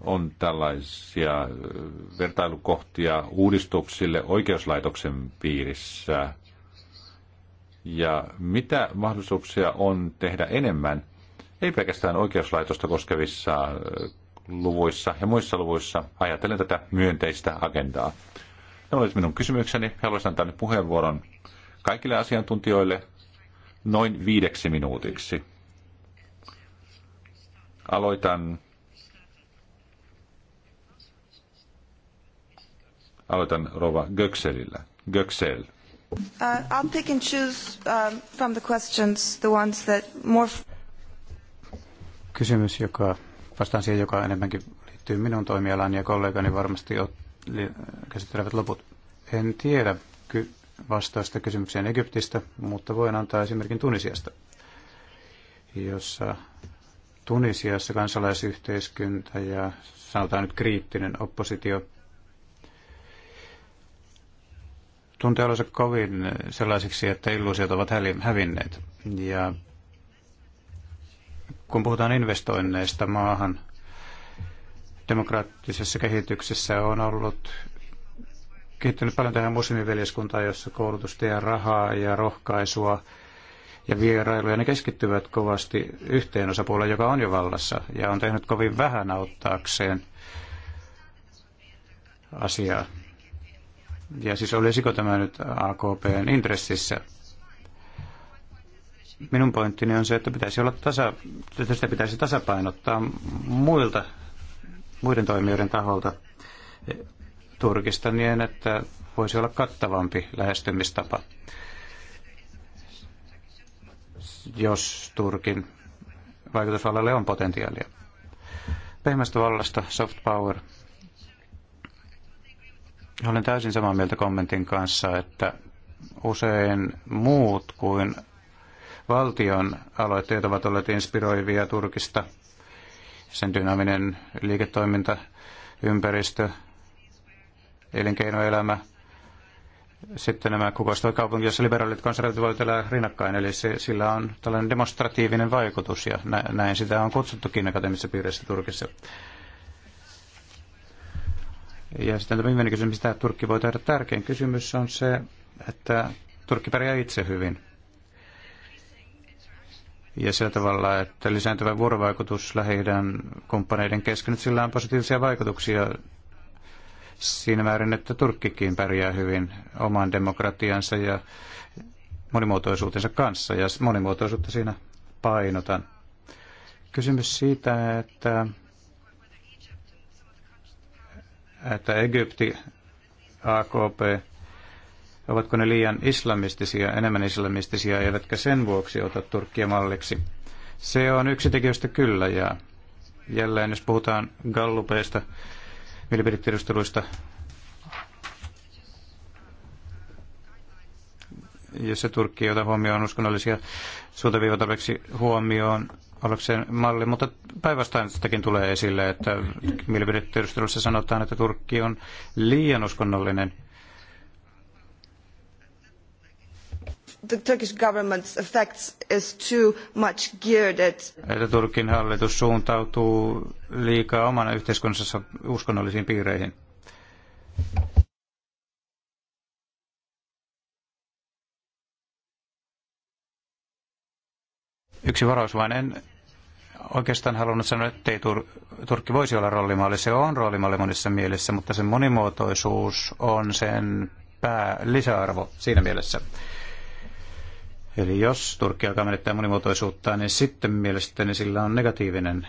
On tällaisia äh, vertailukohtia uudistuksille oikeuslaitoksen piirissä. Ja mitä mahdollisuuksia on tehdä enemmän, ei pelkästään oikeuslaitosta koskevissa äh, luvuissa ja muissa luvuissa ajatellen tätä myönteistä agendaa. Nämä olivat minun kysymykseni. Haluaisin antaa nyt puheenvuoron kaikille asiantuntijoille noin viideksi minuutiksi. Aloitan Aloitan Rova Gökselillä. Göksel. Uh, I'll pick and choose um, from the questions the ones that more... Kysymys, joka Vastaan siihen, joka enemmänkin liittyy minun toimialani ja kollegani varmasti käsittelevät loput. En tiedä ky- vastausta kysymykseen Egyptistä, mutta voin antaa esimerkin Tunisiasta, jossa Tunisiassa kansalaisyhteiskunta ja sanotaan nyt kriittinen oppositio tuntee olonsa kovin sellaisiksi, että illuusiot ovat hävinneet. Ja kun puhutaan investoinneista maahan, demokraattisessa kehityksessä on ollut kehittynyt paljon tähän muslimiveljeskuntaan, jossa koulutusta ja rahaa ja rohkaisua ja vierailuja, ne keskittyvät kovasti yhteen osapuoleen, joka on jo vallassa ja on tehnyt kovin vähän auttaakseen asiaa. Ja siis olisiko tämä nyt AKPn intressissä Minun pointtini on se, että pitäisi olla tasa, että sitä pitäisi tasapainottaa muilta, muiden toimijoiden taholta Turkista niin, että voisi olla kattavampi lähestymistapa. Jos Turkin vaikutusvallalle on potentiaalia. Pehmästä vallasta, soft power. Olen täysin samaa mieltä kommentin kanssa, että usein muut kuin valtion aloitteet ovat olleet inspiroivia Turkista. Sen dynaaminen liiketoiminta, ympäristö, elinkeinoelämä. Sitten nämä kukoistavat kaupungit, joissa liberaalit konservatiivit voivat elää rinnakkain, eli se, sillä on tällainen demonstratiivinen vaikutus, ja näin sitä on kutsuttukin akateemisessa piirissä Turkissa. Ja sitten tämä viimeinen kysymys, mitä Turkki voi tehdä. Tärkein kysymys on se, että Turkki pärjää itse hyvin ja sillä tavalla, että lisääntyvä vuorovaikutus lähi kumppaneiden kesken, että sillä on positiivisia vaikutuksia siinä määrin, että Turkkikin pärjää hyvin oman demokratiansa ja monimuotoisuutensa kanssa, ja monimuotoisuutta siinä painotan. Kysymys siitä, että, että Egypti, AKP, Ovatko ne liian islamistisia, enemmän islamistisia, eivätkä sen vuoksi ota Turkkia malliksi? Se on yksi tekijöistä kyllä, ja jälleen jos puhutaan gallupeista, mielipidetiedusteluista, jossa Turkki ei ota huomioon uskonnollisia suuntaviivoja tarpeeksi huomioon ollakseen malli, mutta päinvastoin sitäkin tulee esille, että mielipidetiedustelussa sanotaan, että Turkki on liian uskonnollinen the Turkish government's effects is too much geared at... Että Turkin hallitus suuntautuu liikaa omana yhteiskunnassa uskonnollisiin piireihin. Yksi varaus vain. En oikeastaan halunnut sanoa, että ei Tur- Turkki voisi olla roolimalli. Se on roolimalli monissa mielessä, mutta sen monimuotoisuus on sen pää lisäarvo siinä mielessä. Eli jos Turkki alkaa menettää monimuotoisuutta, niin sitten mielestäni sillä on negatiivinen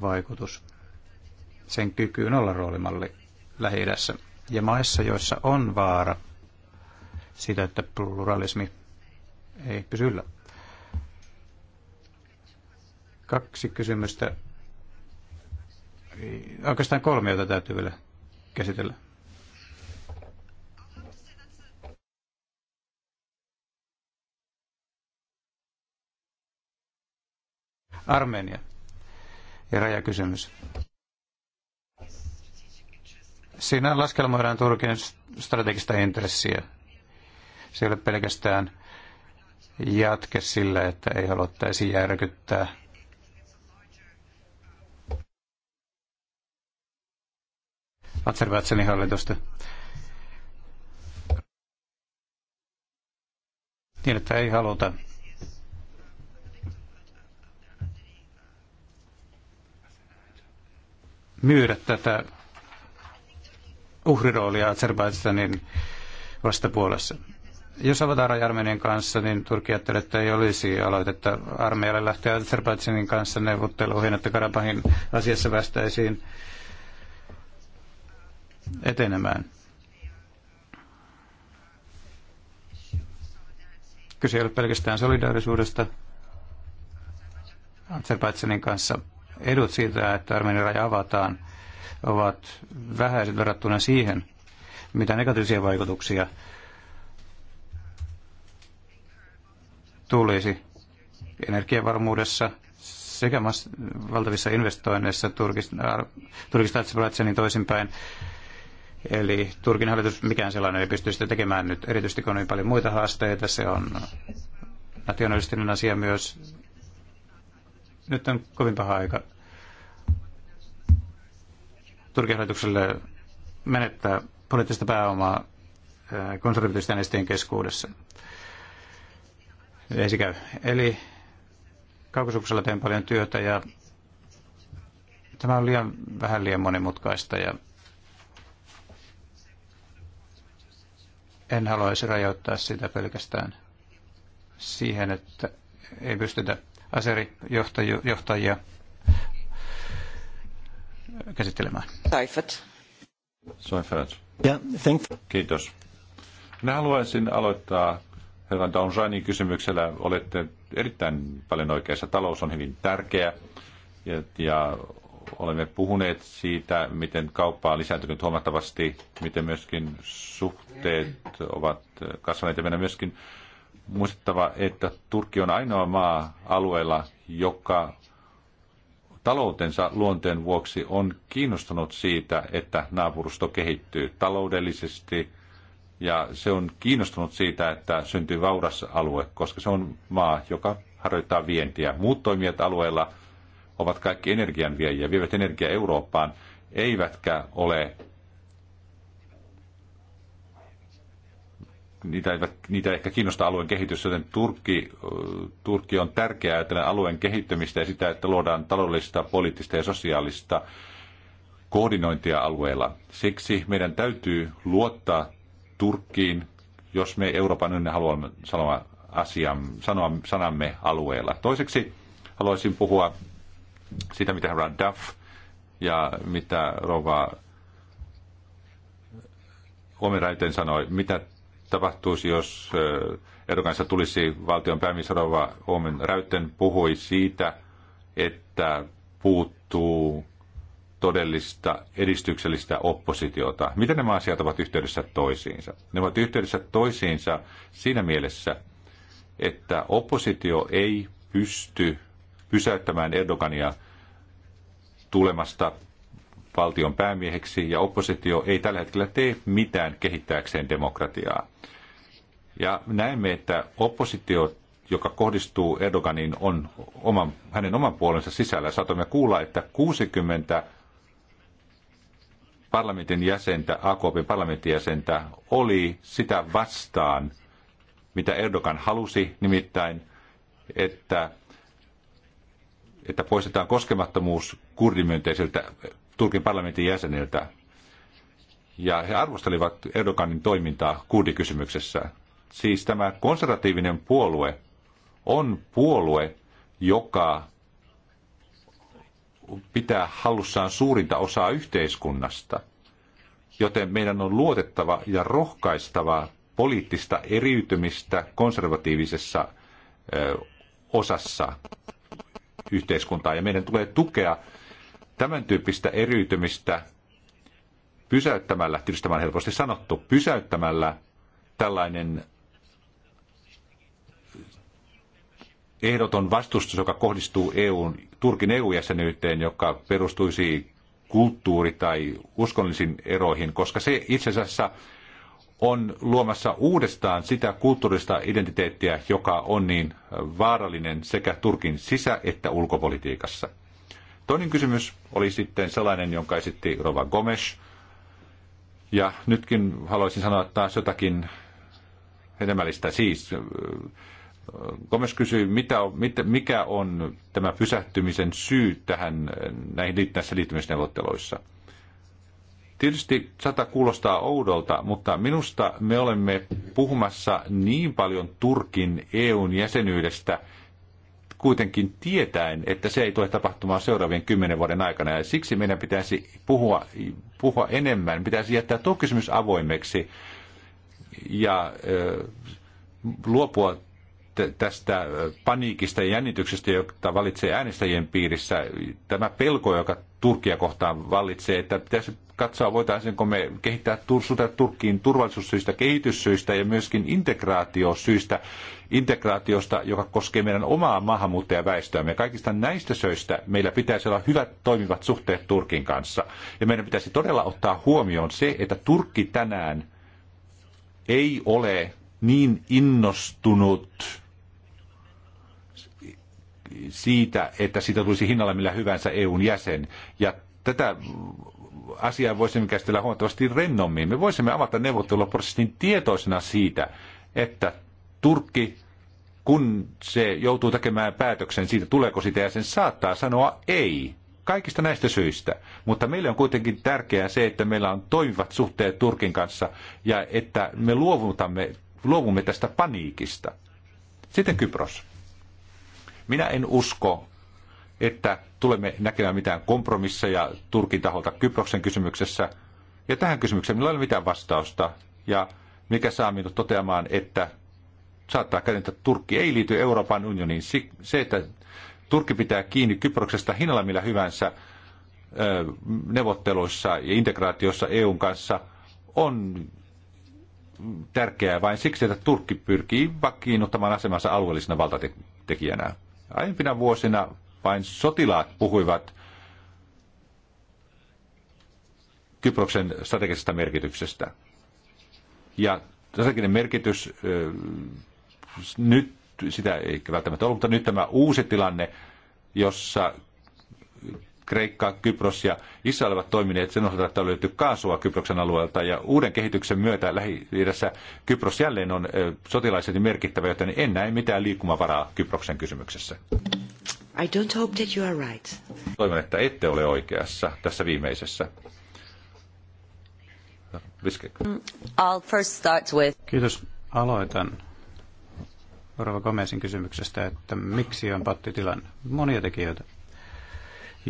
vaikutus sen kykyyn olla roolimalli lähi -idässä. Ja maissa, joissa on vaara siitä, että pluralismi ei pysy yllä. Kaksi kysymystä, oikeastaan kolme, joita täytyy vielä käsitellä. Armenia ja rajakysymys. Siinä laskelmoidaan Turkin strategista intressiä. Se ei ole pelkästään jatke sille, että ei haluttaisi järkyttää Azerbaidsanin hallitusta. Niin, että ei haluta myydä tätä uhriroolia Azerbaidžanin vastapuolessa. Jos avataan raja Armenian kanssa, niin Turkki ajattelee, että ei olisi aloitetta armeijalle lähteä Azerbaidžanin kanssa neuvotteluihin, että Karabahin asiassa päästäisiin etenemään. Kyse ei ole pelkästään solidaarisuudesta Azerbaidžanin kanssa, edut siitä, että Armenian raja avataan, ovat vähäiset verrattuna siihen, mitä negatiivisia vaikutuksia tulisi energiavarmuudessa sekä valtavissa investoinneissa Turkista niin toisinpäin. Eli Turkin hallitus mikään sellainen ei pysty sitä tekemään nyt, erityisesti kun on niin paljon muita haasteita. Se on nationalistinen asia myös nyt on kovin paha aika Turkin hallitukselle menettää poliittista pääomaa konservatiivisten äänestäjien keskuudessa. Ei se käy. Eli kaukosuksella teen paljon työtä ja tämä on liian, vähän liian monimutkaista ja en haluaisi rajoittaa sitä pelkästään siihen, että ei pystytä aserijohtajia käsittelemään. Seifert. Seifert. Yeah, thank Kiitos. Minä haluaisin aloittaa herran Donjanin kysymyksellä. Olette erittäin paljon oikeassa. Talous on hyvin tärkeä ja, ja olemme puhuneet siitä, miten kauppa on lisääntynyt huomattavasti, miten myöskin suhteet ovat kasvaneet ja meidän myöskin muistettava, että Turkki on ainoa maa alueella, joka taloutensa luonteen vuoksi on kiinnostunut siitä, että naapurusto kehittyy taloudellisesti ja se on kiinnostunut siitä, että syntyy vauras alue, koska se on maa, joka harjoittaa vientiä. Muut toimijat alueella ovat kaikki energian viejiä, vievät energiaa Eurooppaan, eivätkä ole niitä, eivät, niitä ehkä kiinnostaa alueen kehitys, joten Turkki, Turkki on tärkeää että alueen kehittämistä ja sitä, että luodaan taloudellista, poliittista ja sosiaalista koordinointia alueella. Siksi meidän täytyy luottaa Turkkiin, jos me Euroopan unionin haluamme sanoa, asian, sanoa sanamme alueella. Toiseksi haluaisin puhua siitä, mitä herra Duff ja mitä rova Omeraiten sanoi, mitä tapahtuisi, jos eh, Erdoganista tulisi valtion pääministerova Omen Räytten puhui siitä, että puuttuu todellista edistyksellistä oppositiota. Miten nämä asiat ovat yhteydessä toisiinsa? Ne ovat yhteydessä toisiinsa siinä mielessä, että oppositio ei pysty pysäyttämään Erdogania tulemasta valtion päämieheksi ja oppositio ei tällä hetkellä tee mitään kehittääkseen demokratiaa. Ja näemme, että oppositio, joka kohdistuu Erdoganiin, on oman, hänen oman puolensa sisällä. Saatamme kuulla, että 60 parlamentin jäsentä, AKP parlamentin jäsentä, oli sitä vastaan, mitä Erdogan halusi, nimittäin, että, että poistetaan koskemattomuus kurdimyönteisiltä Turkin parlamentin jäseniltä. Ja he arvostelivat Erdoganin toimintaa kurdikysymyksessä. Siis tämä konservatiivinen puolue on puolue, joka pitää hallussaan suurinta osaa yhteiskunnasta. Joten meidän on luotettava ja rohkaistava poliittista eriytymistä konservatiivisessa osassa yhteiskuntaa. Ja meidän tulee tukea Tämän tyyppistä eriytymistä pysäyttämällä, tietysti tämä on helposti sanottu, pysäyttämällä tällainen ehdoton vastustus, joka kohdistuu EUn, Turkin EU-jäsenyyteen, joka perustuisi kulttuuri- tai uskonnollisiin eroihin, koska se itse asiassa on luomassa uudestaan sitä kulttuurista identiteettiä, joka on niin vaarallinen sekä Turkin sisä- että ulkopolitiikassa. Toinen kysymys oli sitten sellainen, jonka esitti Rova Gomes. Ja nytkin haluaisin sanoa taas jotakin hedelmällistä. Siis äh, Gomes kysyi, mitä, mikä on tämä pysähtymisen syy tähän äh, näihin, näissä liittymisneuvotteluissa. Tietysti sata kuulostaa oudolta, mutta minusta me olemme puhumassa niin paljon Turkin EUn jäsenyydestä – kuitenkin tietäen, että se ei tule tapahtumaan seuraavien kymmenen vuoden aikana. Ja siksi meidän pitäisi puhua, puhua enemmän, pitäisi jättää tuo kysymys avoimeksi ja ö, luopua tästä paniikista ja jännityksestä, joka valitsee äänestäjien piirissä, tämä pelko, joka Turkia kohtaan vallitsee, että pitäisi katsoa, voitaisiinko me kehittää suhtaa Turkkiin turvallisuussyistä, kehityssyistä ja myöskin integraatiosyistä, integraatiosta, joka koskee meidän omaa maahanmuuttajaväestöämme. Kaikista näistä syistä meillä pitäisi olla hyvät toimivat suhteet Turkin kanssa. Ja meidän pitäisi todella ottaa huomioon se, että Turkki tänään ei ole niin innostunut siitä, että siitä tulisi hinnalla millä hyvänsä EUn jäsen. Ja tätä asiaa voisimme käsitellä huomattavasti rennommin. Me voisimme avata neuvotteluprosessin tietoisena siitä, että Turkki, kun se joutuu tekemään päätöksen siitä, tuleeko sitä ja sen saattaa sanoa ei. Kaikista näistä syistä. Mutta meille on kuitenkin tärkeää se, että meillä on toimivat suhteet Turkin kanssa ja että me luovutamme, luovumme tästä paniikista. Sitten Kypros. Minä en usko, että tulemme näkemään mitään kompromisseja Turkin taholta Kyproksen kysymyksessä. Ja tähän kysymykseen minulla ei ole mitään vastausta. Ja mikä saa minut toteamaan, että saattaa käydä, että Turkki ei liity Euroopan unioniin. Se, että Turkki pitää kiinni Kyproksesta hinnalla millä hyvänsä neuvotteluissa ja integraatiossa EUn kanssa, on tärkeää vain siksi, että Turkki pyrkii vakiinnuttamaan asemansa alueellisena valtatekijänä. Aiempina vuosina vain sotilaat puhuivat Kyproksen strategisesta merkityksestä. Ja strateginen merkitys nyt, sitä ei välttämättä ollut, mutta nyt tämä uusi tilanne, jossa Kreikka, Kypros ja Israel ovat toimineet sen osalta, että on löytyy kaasua Kyproksen alueelta ja uuden kehityksen myötä lähi Kypros jälleen on sotilaisesti merkittävä, joten en näe mitään liikkumavaraa Kyproksen kysymyksessä. I don't hope that you are right. Toivon, että ette ole oikeassa tässä viimeisessä. Mm, I'll first start with... Kiitos. Aloitan Rova Gomezin kysymyksestä, että miksi on pattitilanne. Monia tekijöitä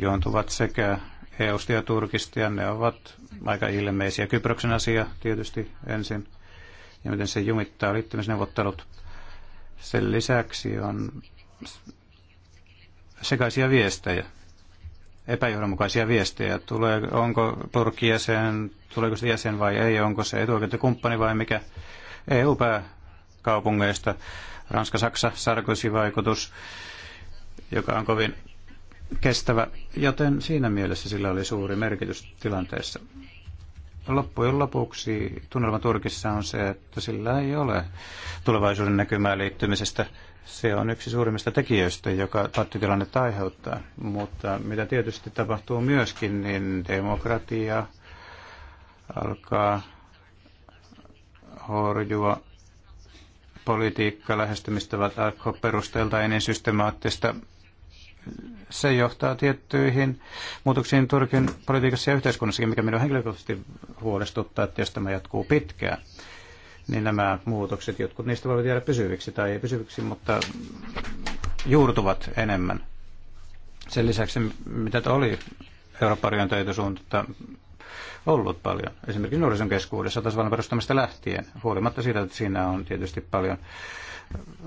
juontuvat sekä eu ja Turkista, ja ne ovat aika ilmeisiä. Kyproksen asia tietysti ensin, ja miten se jumittaa liittymisneuvottelut. Sen lisäksi on sekaisia viestejä, epäjohdonmukaisia viestejä. Tulee, onko Turkki jäsen, tuleeko se jäsen vai ei, onko se etuoikeutekumppani vai mikä EU-pääkaupungeista, Ranska-Saksa, Sarkozy-vaikutus, joka on kovin kestävä, joten siinä mielessä sillä oli suuri merkitys tilanteessa. Loppujen lopuksi tunnelma Turkissa on se, että sillä ei ole tulevaisuuden näkymää liittymisestä se on yksi suurimmista tekijöistä, joka pattitilannetta aiheuttaa. Mutta mitä tietysti tapahtuu myöskin, niin demokratia alkaa horjua politiikka lähestymistavat alkoi perusteelta ennen systemaattista. Se johtaa tiettyihin muutoksiin Turkin politiikassa ja yhteiskunnassakin, mikä minua henkilökohtaisesti huolestuttaa, että jos tämä jatkuu pitkään niin nämä muutokset, jotkut niistä voivat jäädä pysyviksi tai ei pysyviksi, mutta juurtuvat enemmän. Sen lisäksi, mitä oli Euroopan on ollut paljon, esimerkiksi nuorison keskuudessa tasavallan perustamista lähtien, huolimatta siitä, että siinä on tietysti paljon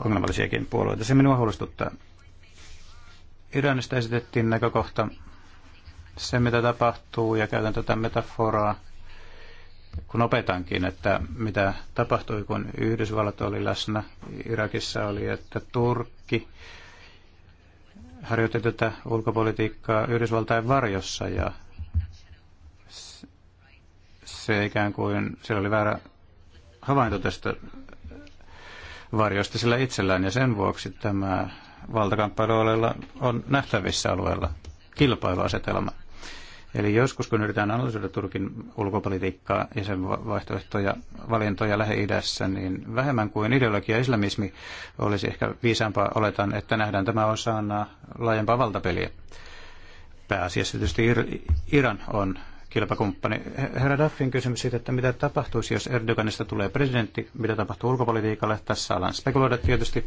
ongelmallisiakin puolueita. Se minua huolestuttaa. Iranista esitettiin näkökohta, se mitä tapahtuu, ja käytän tätä metaforaa kun opetankin, että mitä tapahtui, kun Yhdysvallat oli läsnä, Irakissa oli, että Turkki harjoitti tätä ulkopolitiikkaa Yhdysvaltain varjossa ja se ikään kuin, siellä oli väärä havainto tästä varjosta sillä itsellään ja sen vuoksi tämä valtakamppailu on nähtävissä alueella kilpailuasetelma. Eli joskus, kun yritetään analysoida Turkin ulkopolitiikkaa ja sen vaihtoehtoja, valintoja Lähi-idässä, niin vähemmän kuin ideologia islamismi olisi ehkä viisaampaa oletan, että nähdään tämä osana laajempaa valtapeliä. Pääasiassa tietysti Ir- Iran on kilpakumppani. Herra Daffin kysymys siitä, että mitä tapahtuisi, jos Erdoganista tulee presidentti, mitä tapahtuu ulkopolitiikalle, tässä alan spekuloida tietysti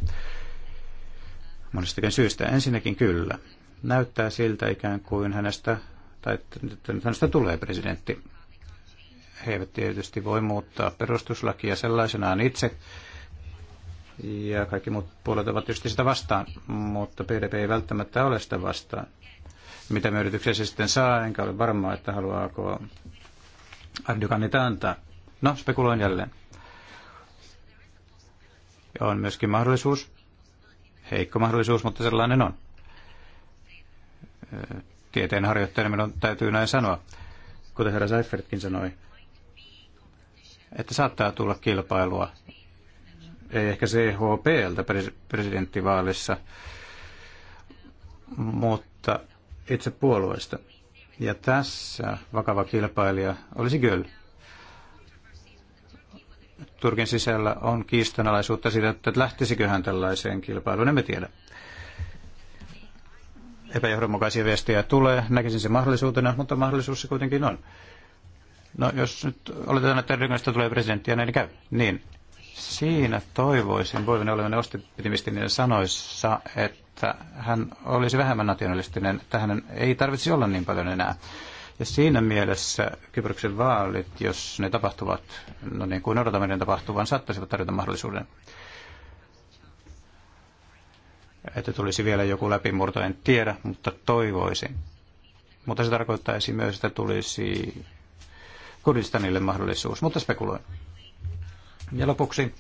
monestakin syystä. Ensinnäkin kyllä. Näyttää siltä ikään kuin hänestä tai että nyt hänestä tulee presidentti. He eivät tietysti voi muuttaa perustuslakia sellaisenaan itse, ja kaikki muut puolet ovat tietysti sitä vastaan, mutta PDP ei välttämättä ole sitä vastaan. Mitä me yrityksiä se sitten saa, enkä ole varma, että haluaako Erdogan antaa. No, spekuloin jälleen. On myöskin mahdollisuus, heikko mahdollisuus, mutta sellainen on tieteenharjoittajana minun täytyy näin sanoa, kuten herra Seifertkin sanoi, että saattaa tulla kilpailua. Ei ehkä CHPltä presidenttivaalissa, mutta itse puolueesta. Ja tässä vakava kilpailija olisi Göl. Turkin sisällä on kiistanalaisuutta siitä, että lähtisikö hän tällaiseen kilpailuun, emme tiedä epäjohdonmukaisia viestejä tulee. Näkisin se mahdollisuutena, mutta mahdollisuus se kuitenkin on. No jos nyt oletetaan, että Erdoganista tulee presidenttiä, niin käy. Niin, siinä toivoisin, voimme olevan optimistinen sanoissa, että hän olisi vähemmän nationalistinen, tähän, ei tarvitsisi olla niin paljon enää. Ja siinä mielessä Kyproksen vaalit, jos ne tapahtuvat, no niin kuin odotamme ne tapahtuvan, saattaisivat tarjota mahdollisuuden että tulisi vielä joku läpimurto, en tiedä, mutta toivoisin. Mutta se tarkoittaisi myös, että tulisi Kurdistanille mahdollisuus, mutta spekuloin. Ja lopuksi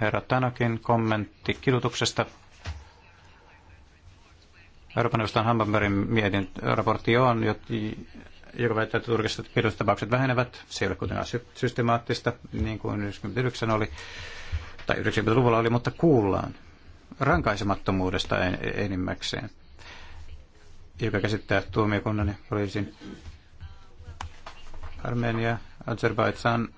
herra Tanakin kommentti kidutuksesta. Euroopan neuvoston Hamburgerin mietin raportti on, joka väittää, että Turkissa kidutustapaukset vähenevät. Se ei ole kuitenkaan systemaattista, niin kuin 99 oli, tai 90-luvulla oli, mutta kuullaan rankaisemattomuudesta enimmäkseen, joka käsittää tuomiokunnan ja poliisin Armenia, Azerbaidsan,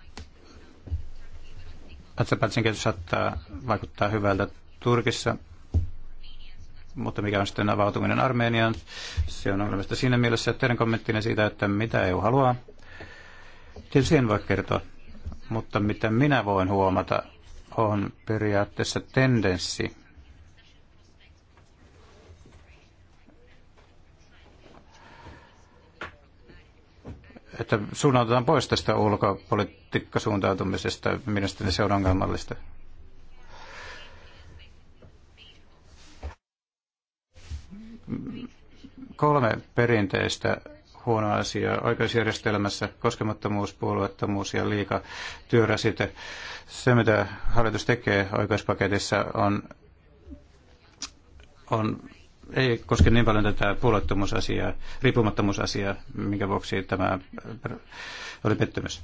Azerbaidsin kehitys saattaa vaikuttaa hyvältä Turkissa, mutta mikä on sitten avautuminen Armeniaan, se on ongelmista siinä mielessä, että teidän kommenttinne siitä, että mitä EU haluaa, tietysti en voi kertoa, mutta mitä minä voin huomata, on periaatteessa tendenssi että suunnataan pois tästä ulkopolitiikkasuuntautumisesta. Mielestäni se on ongelmallista. Kolme perinteistä huonoa asiaa oikeusjärjestelmässä, koskemattomuus, puolueettomuus ja liika työrasite. Se, mitä hallitus tekee oikeuspaketissa, on, on ei koske niin paljon tätä puolettomuusasiaa, riippumattomuusasiaa, minkä vuoksi tämä äh, oli pettymys.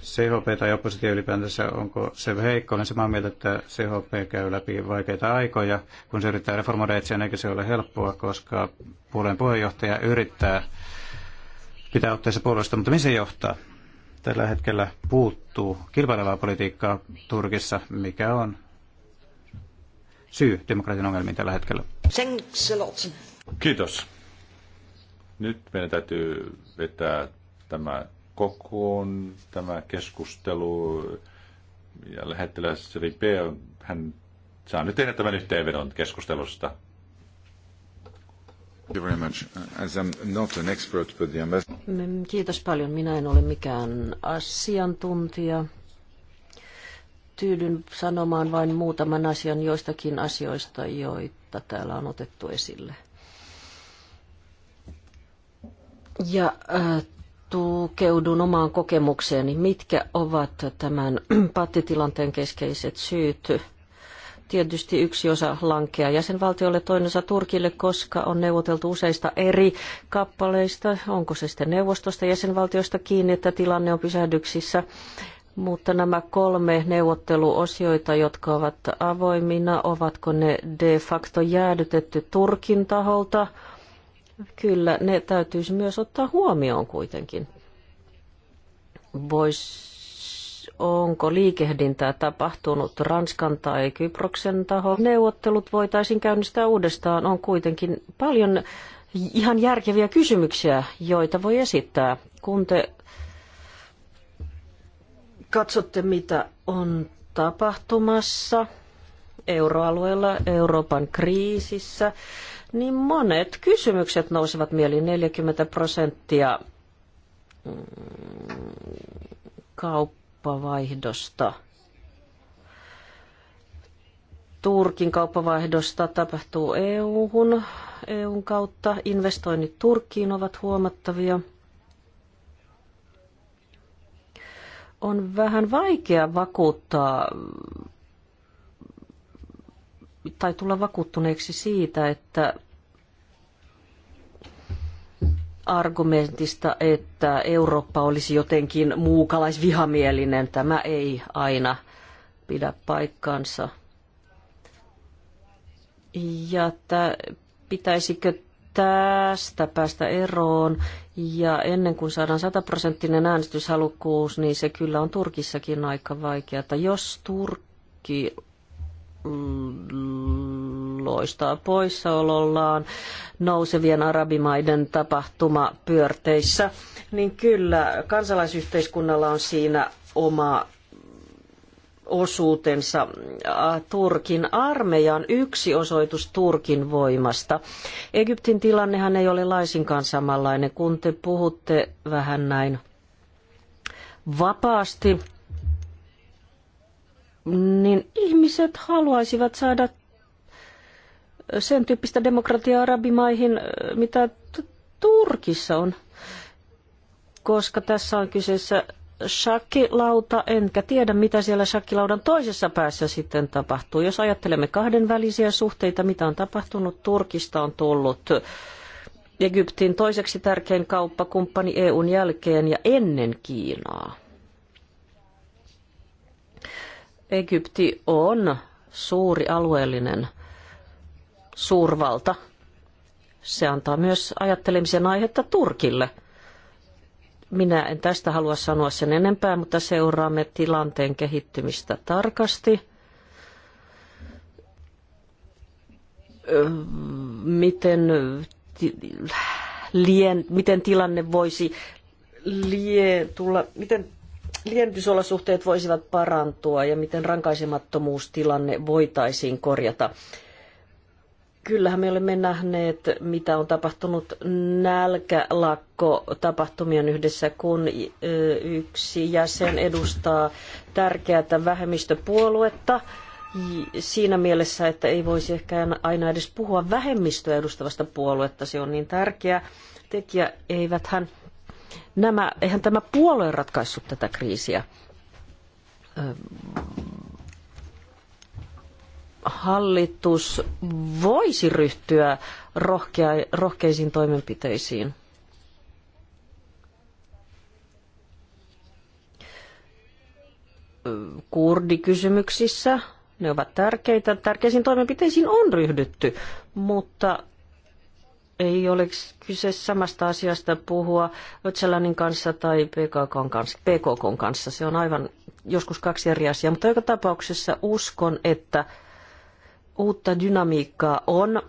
CHP tai oppositio ylipäätänsä, onko se heikko? Olen samaa mieltä, että CHP käy läpi vaikeita aikoja, kun se yrittää reformoida itseään, eikä se ole helppoa, koska puolueen puheenjohtaja yrittää pitää otteessa puolueesta, mutta missä se johtaa? Tällä hetkellä puuttuu kilpailevaa politiikkaa Turkissa, mikä on syy demokratian ongelmiin tällä hetkellä. Thanks Kiitos. Nyt meidän täytyy vetää tämä kokoon, tämä keskustelu. Ja lähettiläs P. hän saa nyt tehdä tämän yhteenvedon keskustelusta. Mm, kiitos paljon. Minä en ole mikään asiantuntija. Tyydyn sanomaan vain muutaman asian joistakin asioista, joita joita täällä on otettu esille. Ja äh, tukeudun omaan kokemukseeni, mitkä ovat tämän pattitilanteen keskeiset syyt. Tietysti yksi osa lankeaa jäsenvaltiolle, toinen osa Turkille, koska on neuvoteltu useista eri kappaleista, onko se sitten neuvostosta jäsenvaltiosta kiinni, että tilanne on pysähdyksissä. Mutta nämä kolme neuvotteluosioita, jotka ovat avoimina, ovatko ne de facto jäädytetty Turkin taholta? Kyllä, ne täytyisi myös ottaa huomioon kuitenkin. Vois, onko liikehdintää tapahtunut Ranskan tai Kyproksen taho? Neuvottelut voitaisiin käynnistää uudestaan. On kuitenkin paljon ihan järkeviä kysymyksiä, joita voi esittää. Kun te katsotte, mitä on tapahtumassa euroalueella, Euroopan kriisissä, niin monet kysymykset nousevat mieliin. 40 prosenttia mm, kauppavaihdosta, Turkin kauppavaihdosta tapahtuu EU-hun, EUn kautta. Investoinnit Turkkiin ovat huomattavia – on vähän vaikea vakuuttaa tai tulla vakuuttuneeksi siitä, että argumentista, että Eurooppa olisi jotenkin muukalaisvihamielinen, tämä ei aina pidä paikkaansa. Ja että pitäisikö tästä päästä eroon. Ja ennen kuin saadaan sataprosenttinen äänestyshalukkuus, niin se kyllä on Turkissakin aika vaikeaa. Jos Turkki loistaa poissaolollaan nousevien arabimaiden tapahtuma pyörteissä, niin kyllä kansalaisyhteiskunnalla on siinä oma osuutensa Turkin armeijan yksi osoitus Turkin voimasta. Egyptin tilannehan ei ole laisinkaan samanlainen, kun te puhutte vähän näin vapaasti, niin ihmiset haluaisivat saada sen tyyppistä demokratiaa arabimaihin, mitä Turkissa on, koska tässä on kyseessä shakkilauta, enkä tiedä mitä siellä shakkilaudan toisessa päässä sitten tapahtuu. Jos ajattelemme kahdenvälisiä suhteita, mitä on tapahtunut, Turkista on tullut Egyptin toiseksi tärkein kauppakumppani EUn jälkeen ja ennen Kiinaa. Egypti on suuri alueellinen suurvalta. Se antaa myös ajattelemisen aihetta Turkille – minä en tästä halua sanoa sen enempää, mutta seuraamme tilanteen kehittymistä tarkasti. Miten, lien, miten tilanne voisi lien, tulla, miten lientysolosuhteet voisivat parantua ja miten rankaisemattomuustilanne voitaisiin korjata. Kyllähän me olemme nähneet, mitä on tapahtunut nälkälakko tapahtumien yhdessä, kun yksi jäsen edustaa tärkeää vähemmistöpuoluetta siinä mielessä, että ei voisi ehkä aina edes puhua vähemmistöä edustavasta puoluetta. Se on niin tärkeä tekijä. Eiväthän nämä, eihän tämä puolue ratkaissut tätä kriisiä hallitus voisi ryhtyä rohkea, rohkeisiin toimenpiteisiin? Kurdikysymyksissä ne ovat tärkeitä. Tärkeisiin toimenpiteisiin on ryhdytty, mutta ei ole kyse samasta asiasta puhua Öcalanin kanssa tai PKK kanssa. PKK kanssa. Se on aivan joskus kaksi eri asiaa, mutta joka tapauksessa uskon, että uutta dynamiikkaa on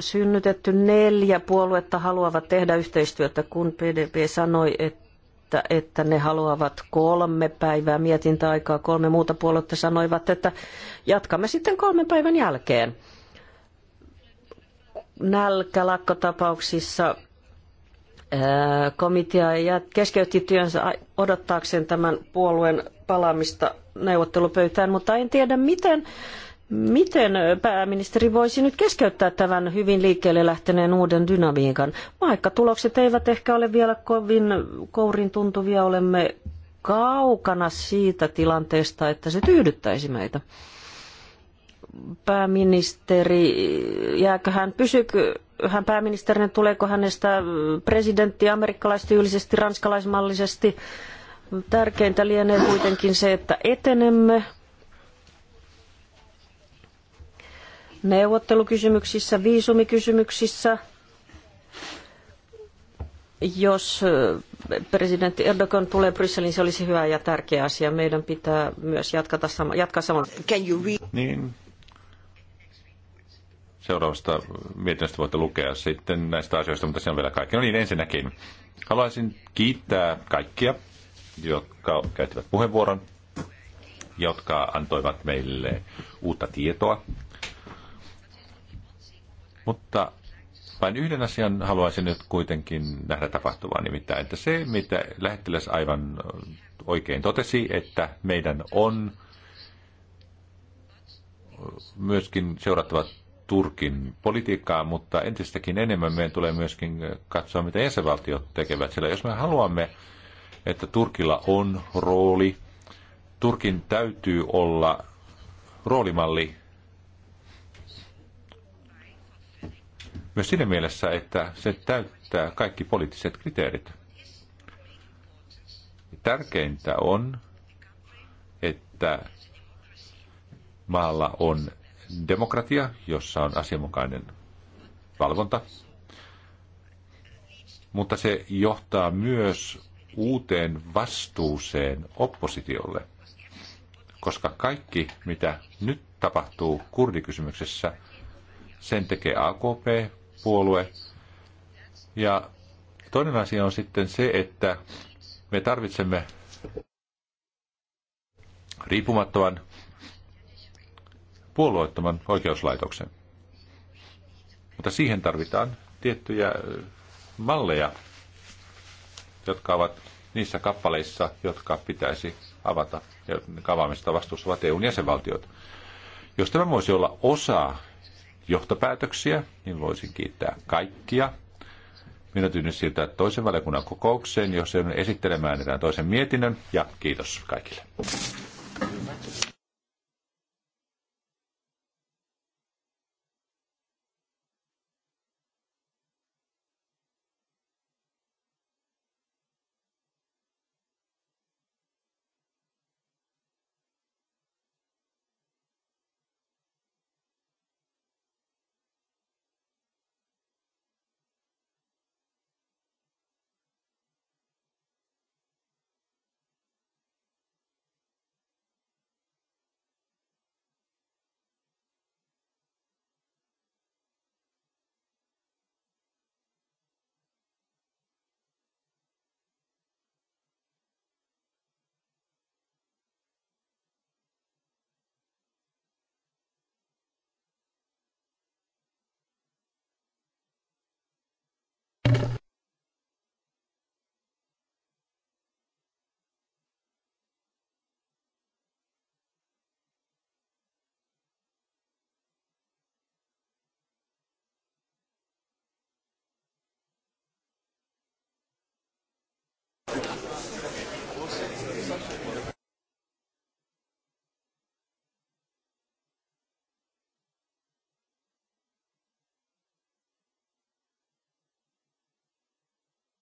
synnytetty. Neljä puoluetta haluavat tehdä yhteistyötä, kun PDP sanoi, että että, ne haluavat kolme päivää mietintäaikaa. Kolme muuta puoluetta sanoivat, että jatkamme sitten kolmen päivän jälkeen. Nälkälakkotapauksissa komitea ja keskeytti työnsä odottaakseen tämän puolueen palaamista neuvottelupöytään, mutta en tiedä miten, miten pääministeri voisi nyt keskeyttää tämän hyvin liikkeelle lähteneen uuden dynamiikan, vaikka tulokset eivät ehkä ole vielä kovin kourin tuntuvia, olemme kaukana siitä tilanteesta, että se tyydyttäisi meitä. Pääministeri, jääkö hän, pysykö hän pääministerinä, tuleeko hänestä presidentti amerikkalaistyylisesti, ranskalaismallisesti. Tärkeintä lienee kuitenkin se, että etenemme neuvottelukysymyksissä, viisumikysymyksissä. Jos eh, presidentti Erdogan tulee Brysseliin, se olisi hyvä ja tärkeä asia. Meidän pitää myös jatkata sama, jatkaa samalla. Niin, seuraavasta mietinnöstä voitte lukea sitten näistä asioista, mutta se on vielä kaikki. No niin, ensinnäkin haluaisin kiittää kaikkia, jotka käyttivät puheenvuoron, jotka antoivat meille uutta tietoa. Mutta vain yhden asian haluaisin nyt kuitenkin nähdä tapahtuvan, nimittäin että se, mitä lähettiläs aivan oikein totesi, että meidän on myöskin seurattava Turkin politiikkaa, mutta entistäkin enemmän meidän tulee myöskin katsoa, mitä jäsenvaltiot tekevät. Sillä jos me haluamme, että Turkilla on rooli, Turkin täytyy olla roolimalli myös siinä mielessä, että se täyttää kaikki poliittiset kriteerit. Tärkeintä on, että maalla on demokratia, jossa on asianmukainen valvonta, mutta se johtaa myös uuteen vastuuseen oppositiolle, koska kaikki, mitä nyt tapahtuu kurdikysymyksessä, sen tekee AKP-puolue. Ja toinen asia on sitten se, että me tarvitsemme riippumattoman puolueettoman oikeuslaitoksen. Mutta siihen tarvitaan tiettyjä malleja, jotka ovat niissä kappaleissa, jotka pitäisi avata ja kavaamista vastuussa ovat EUn jäsenvaltiot. Jos tämä voisi olla osa johtopäätöksiä, niin voisin kiittää kaikkia. Minä tyydyn siirtää toisen valiokunnan kokoukseen, jos joudun esittelemään erään toisen mietinnön, ja kiitos kaikille.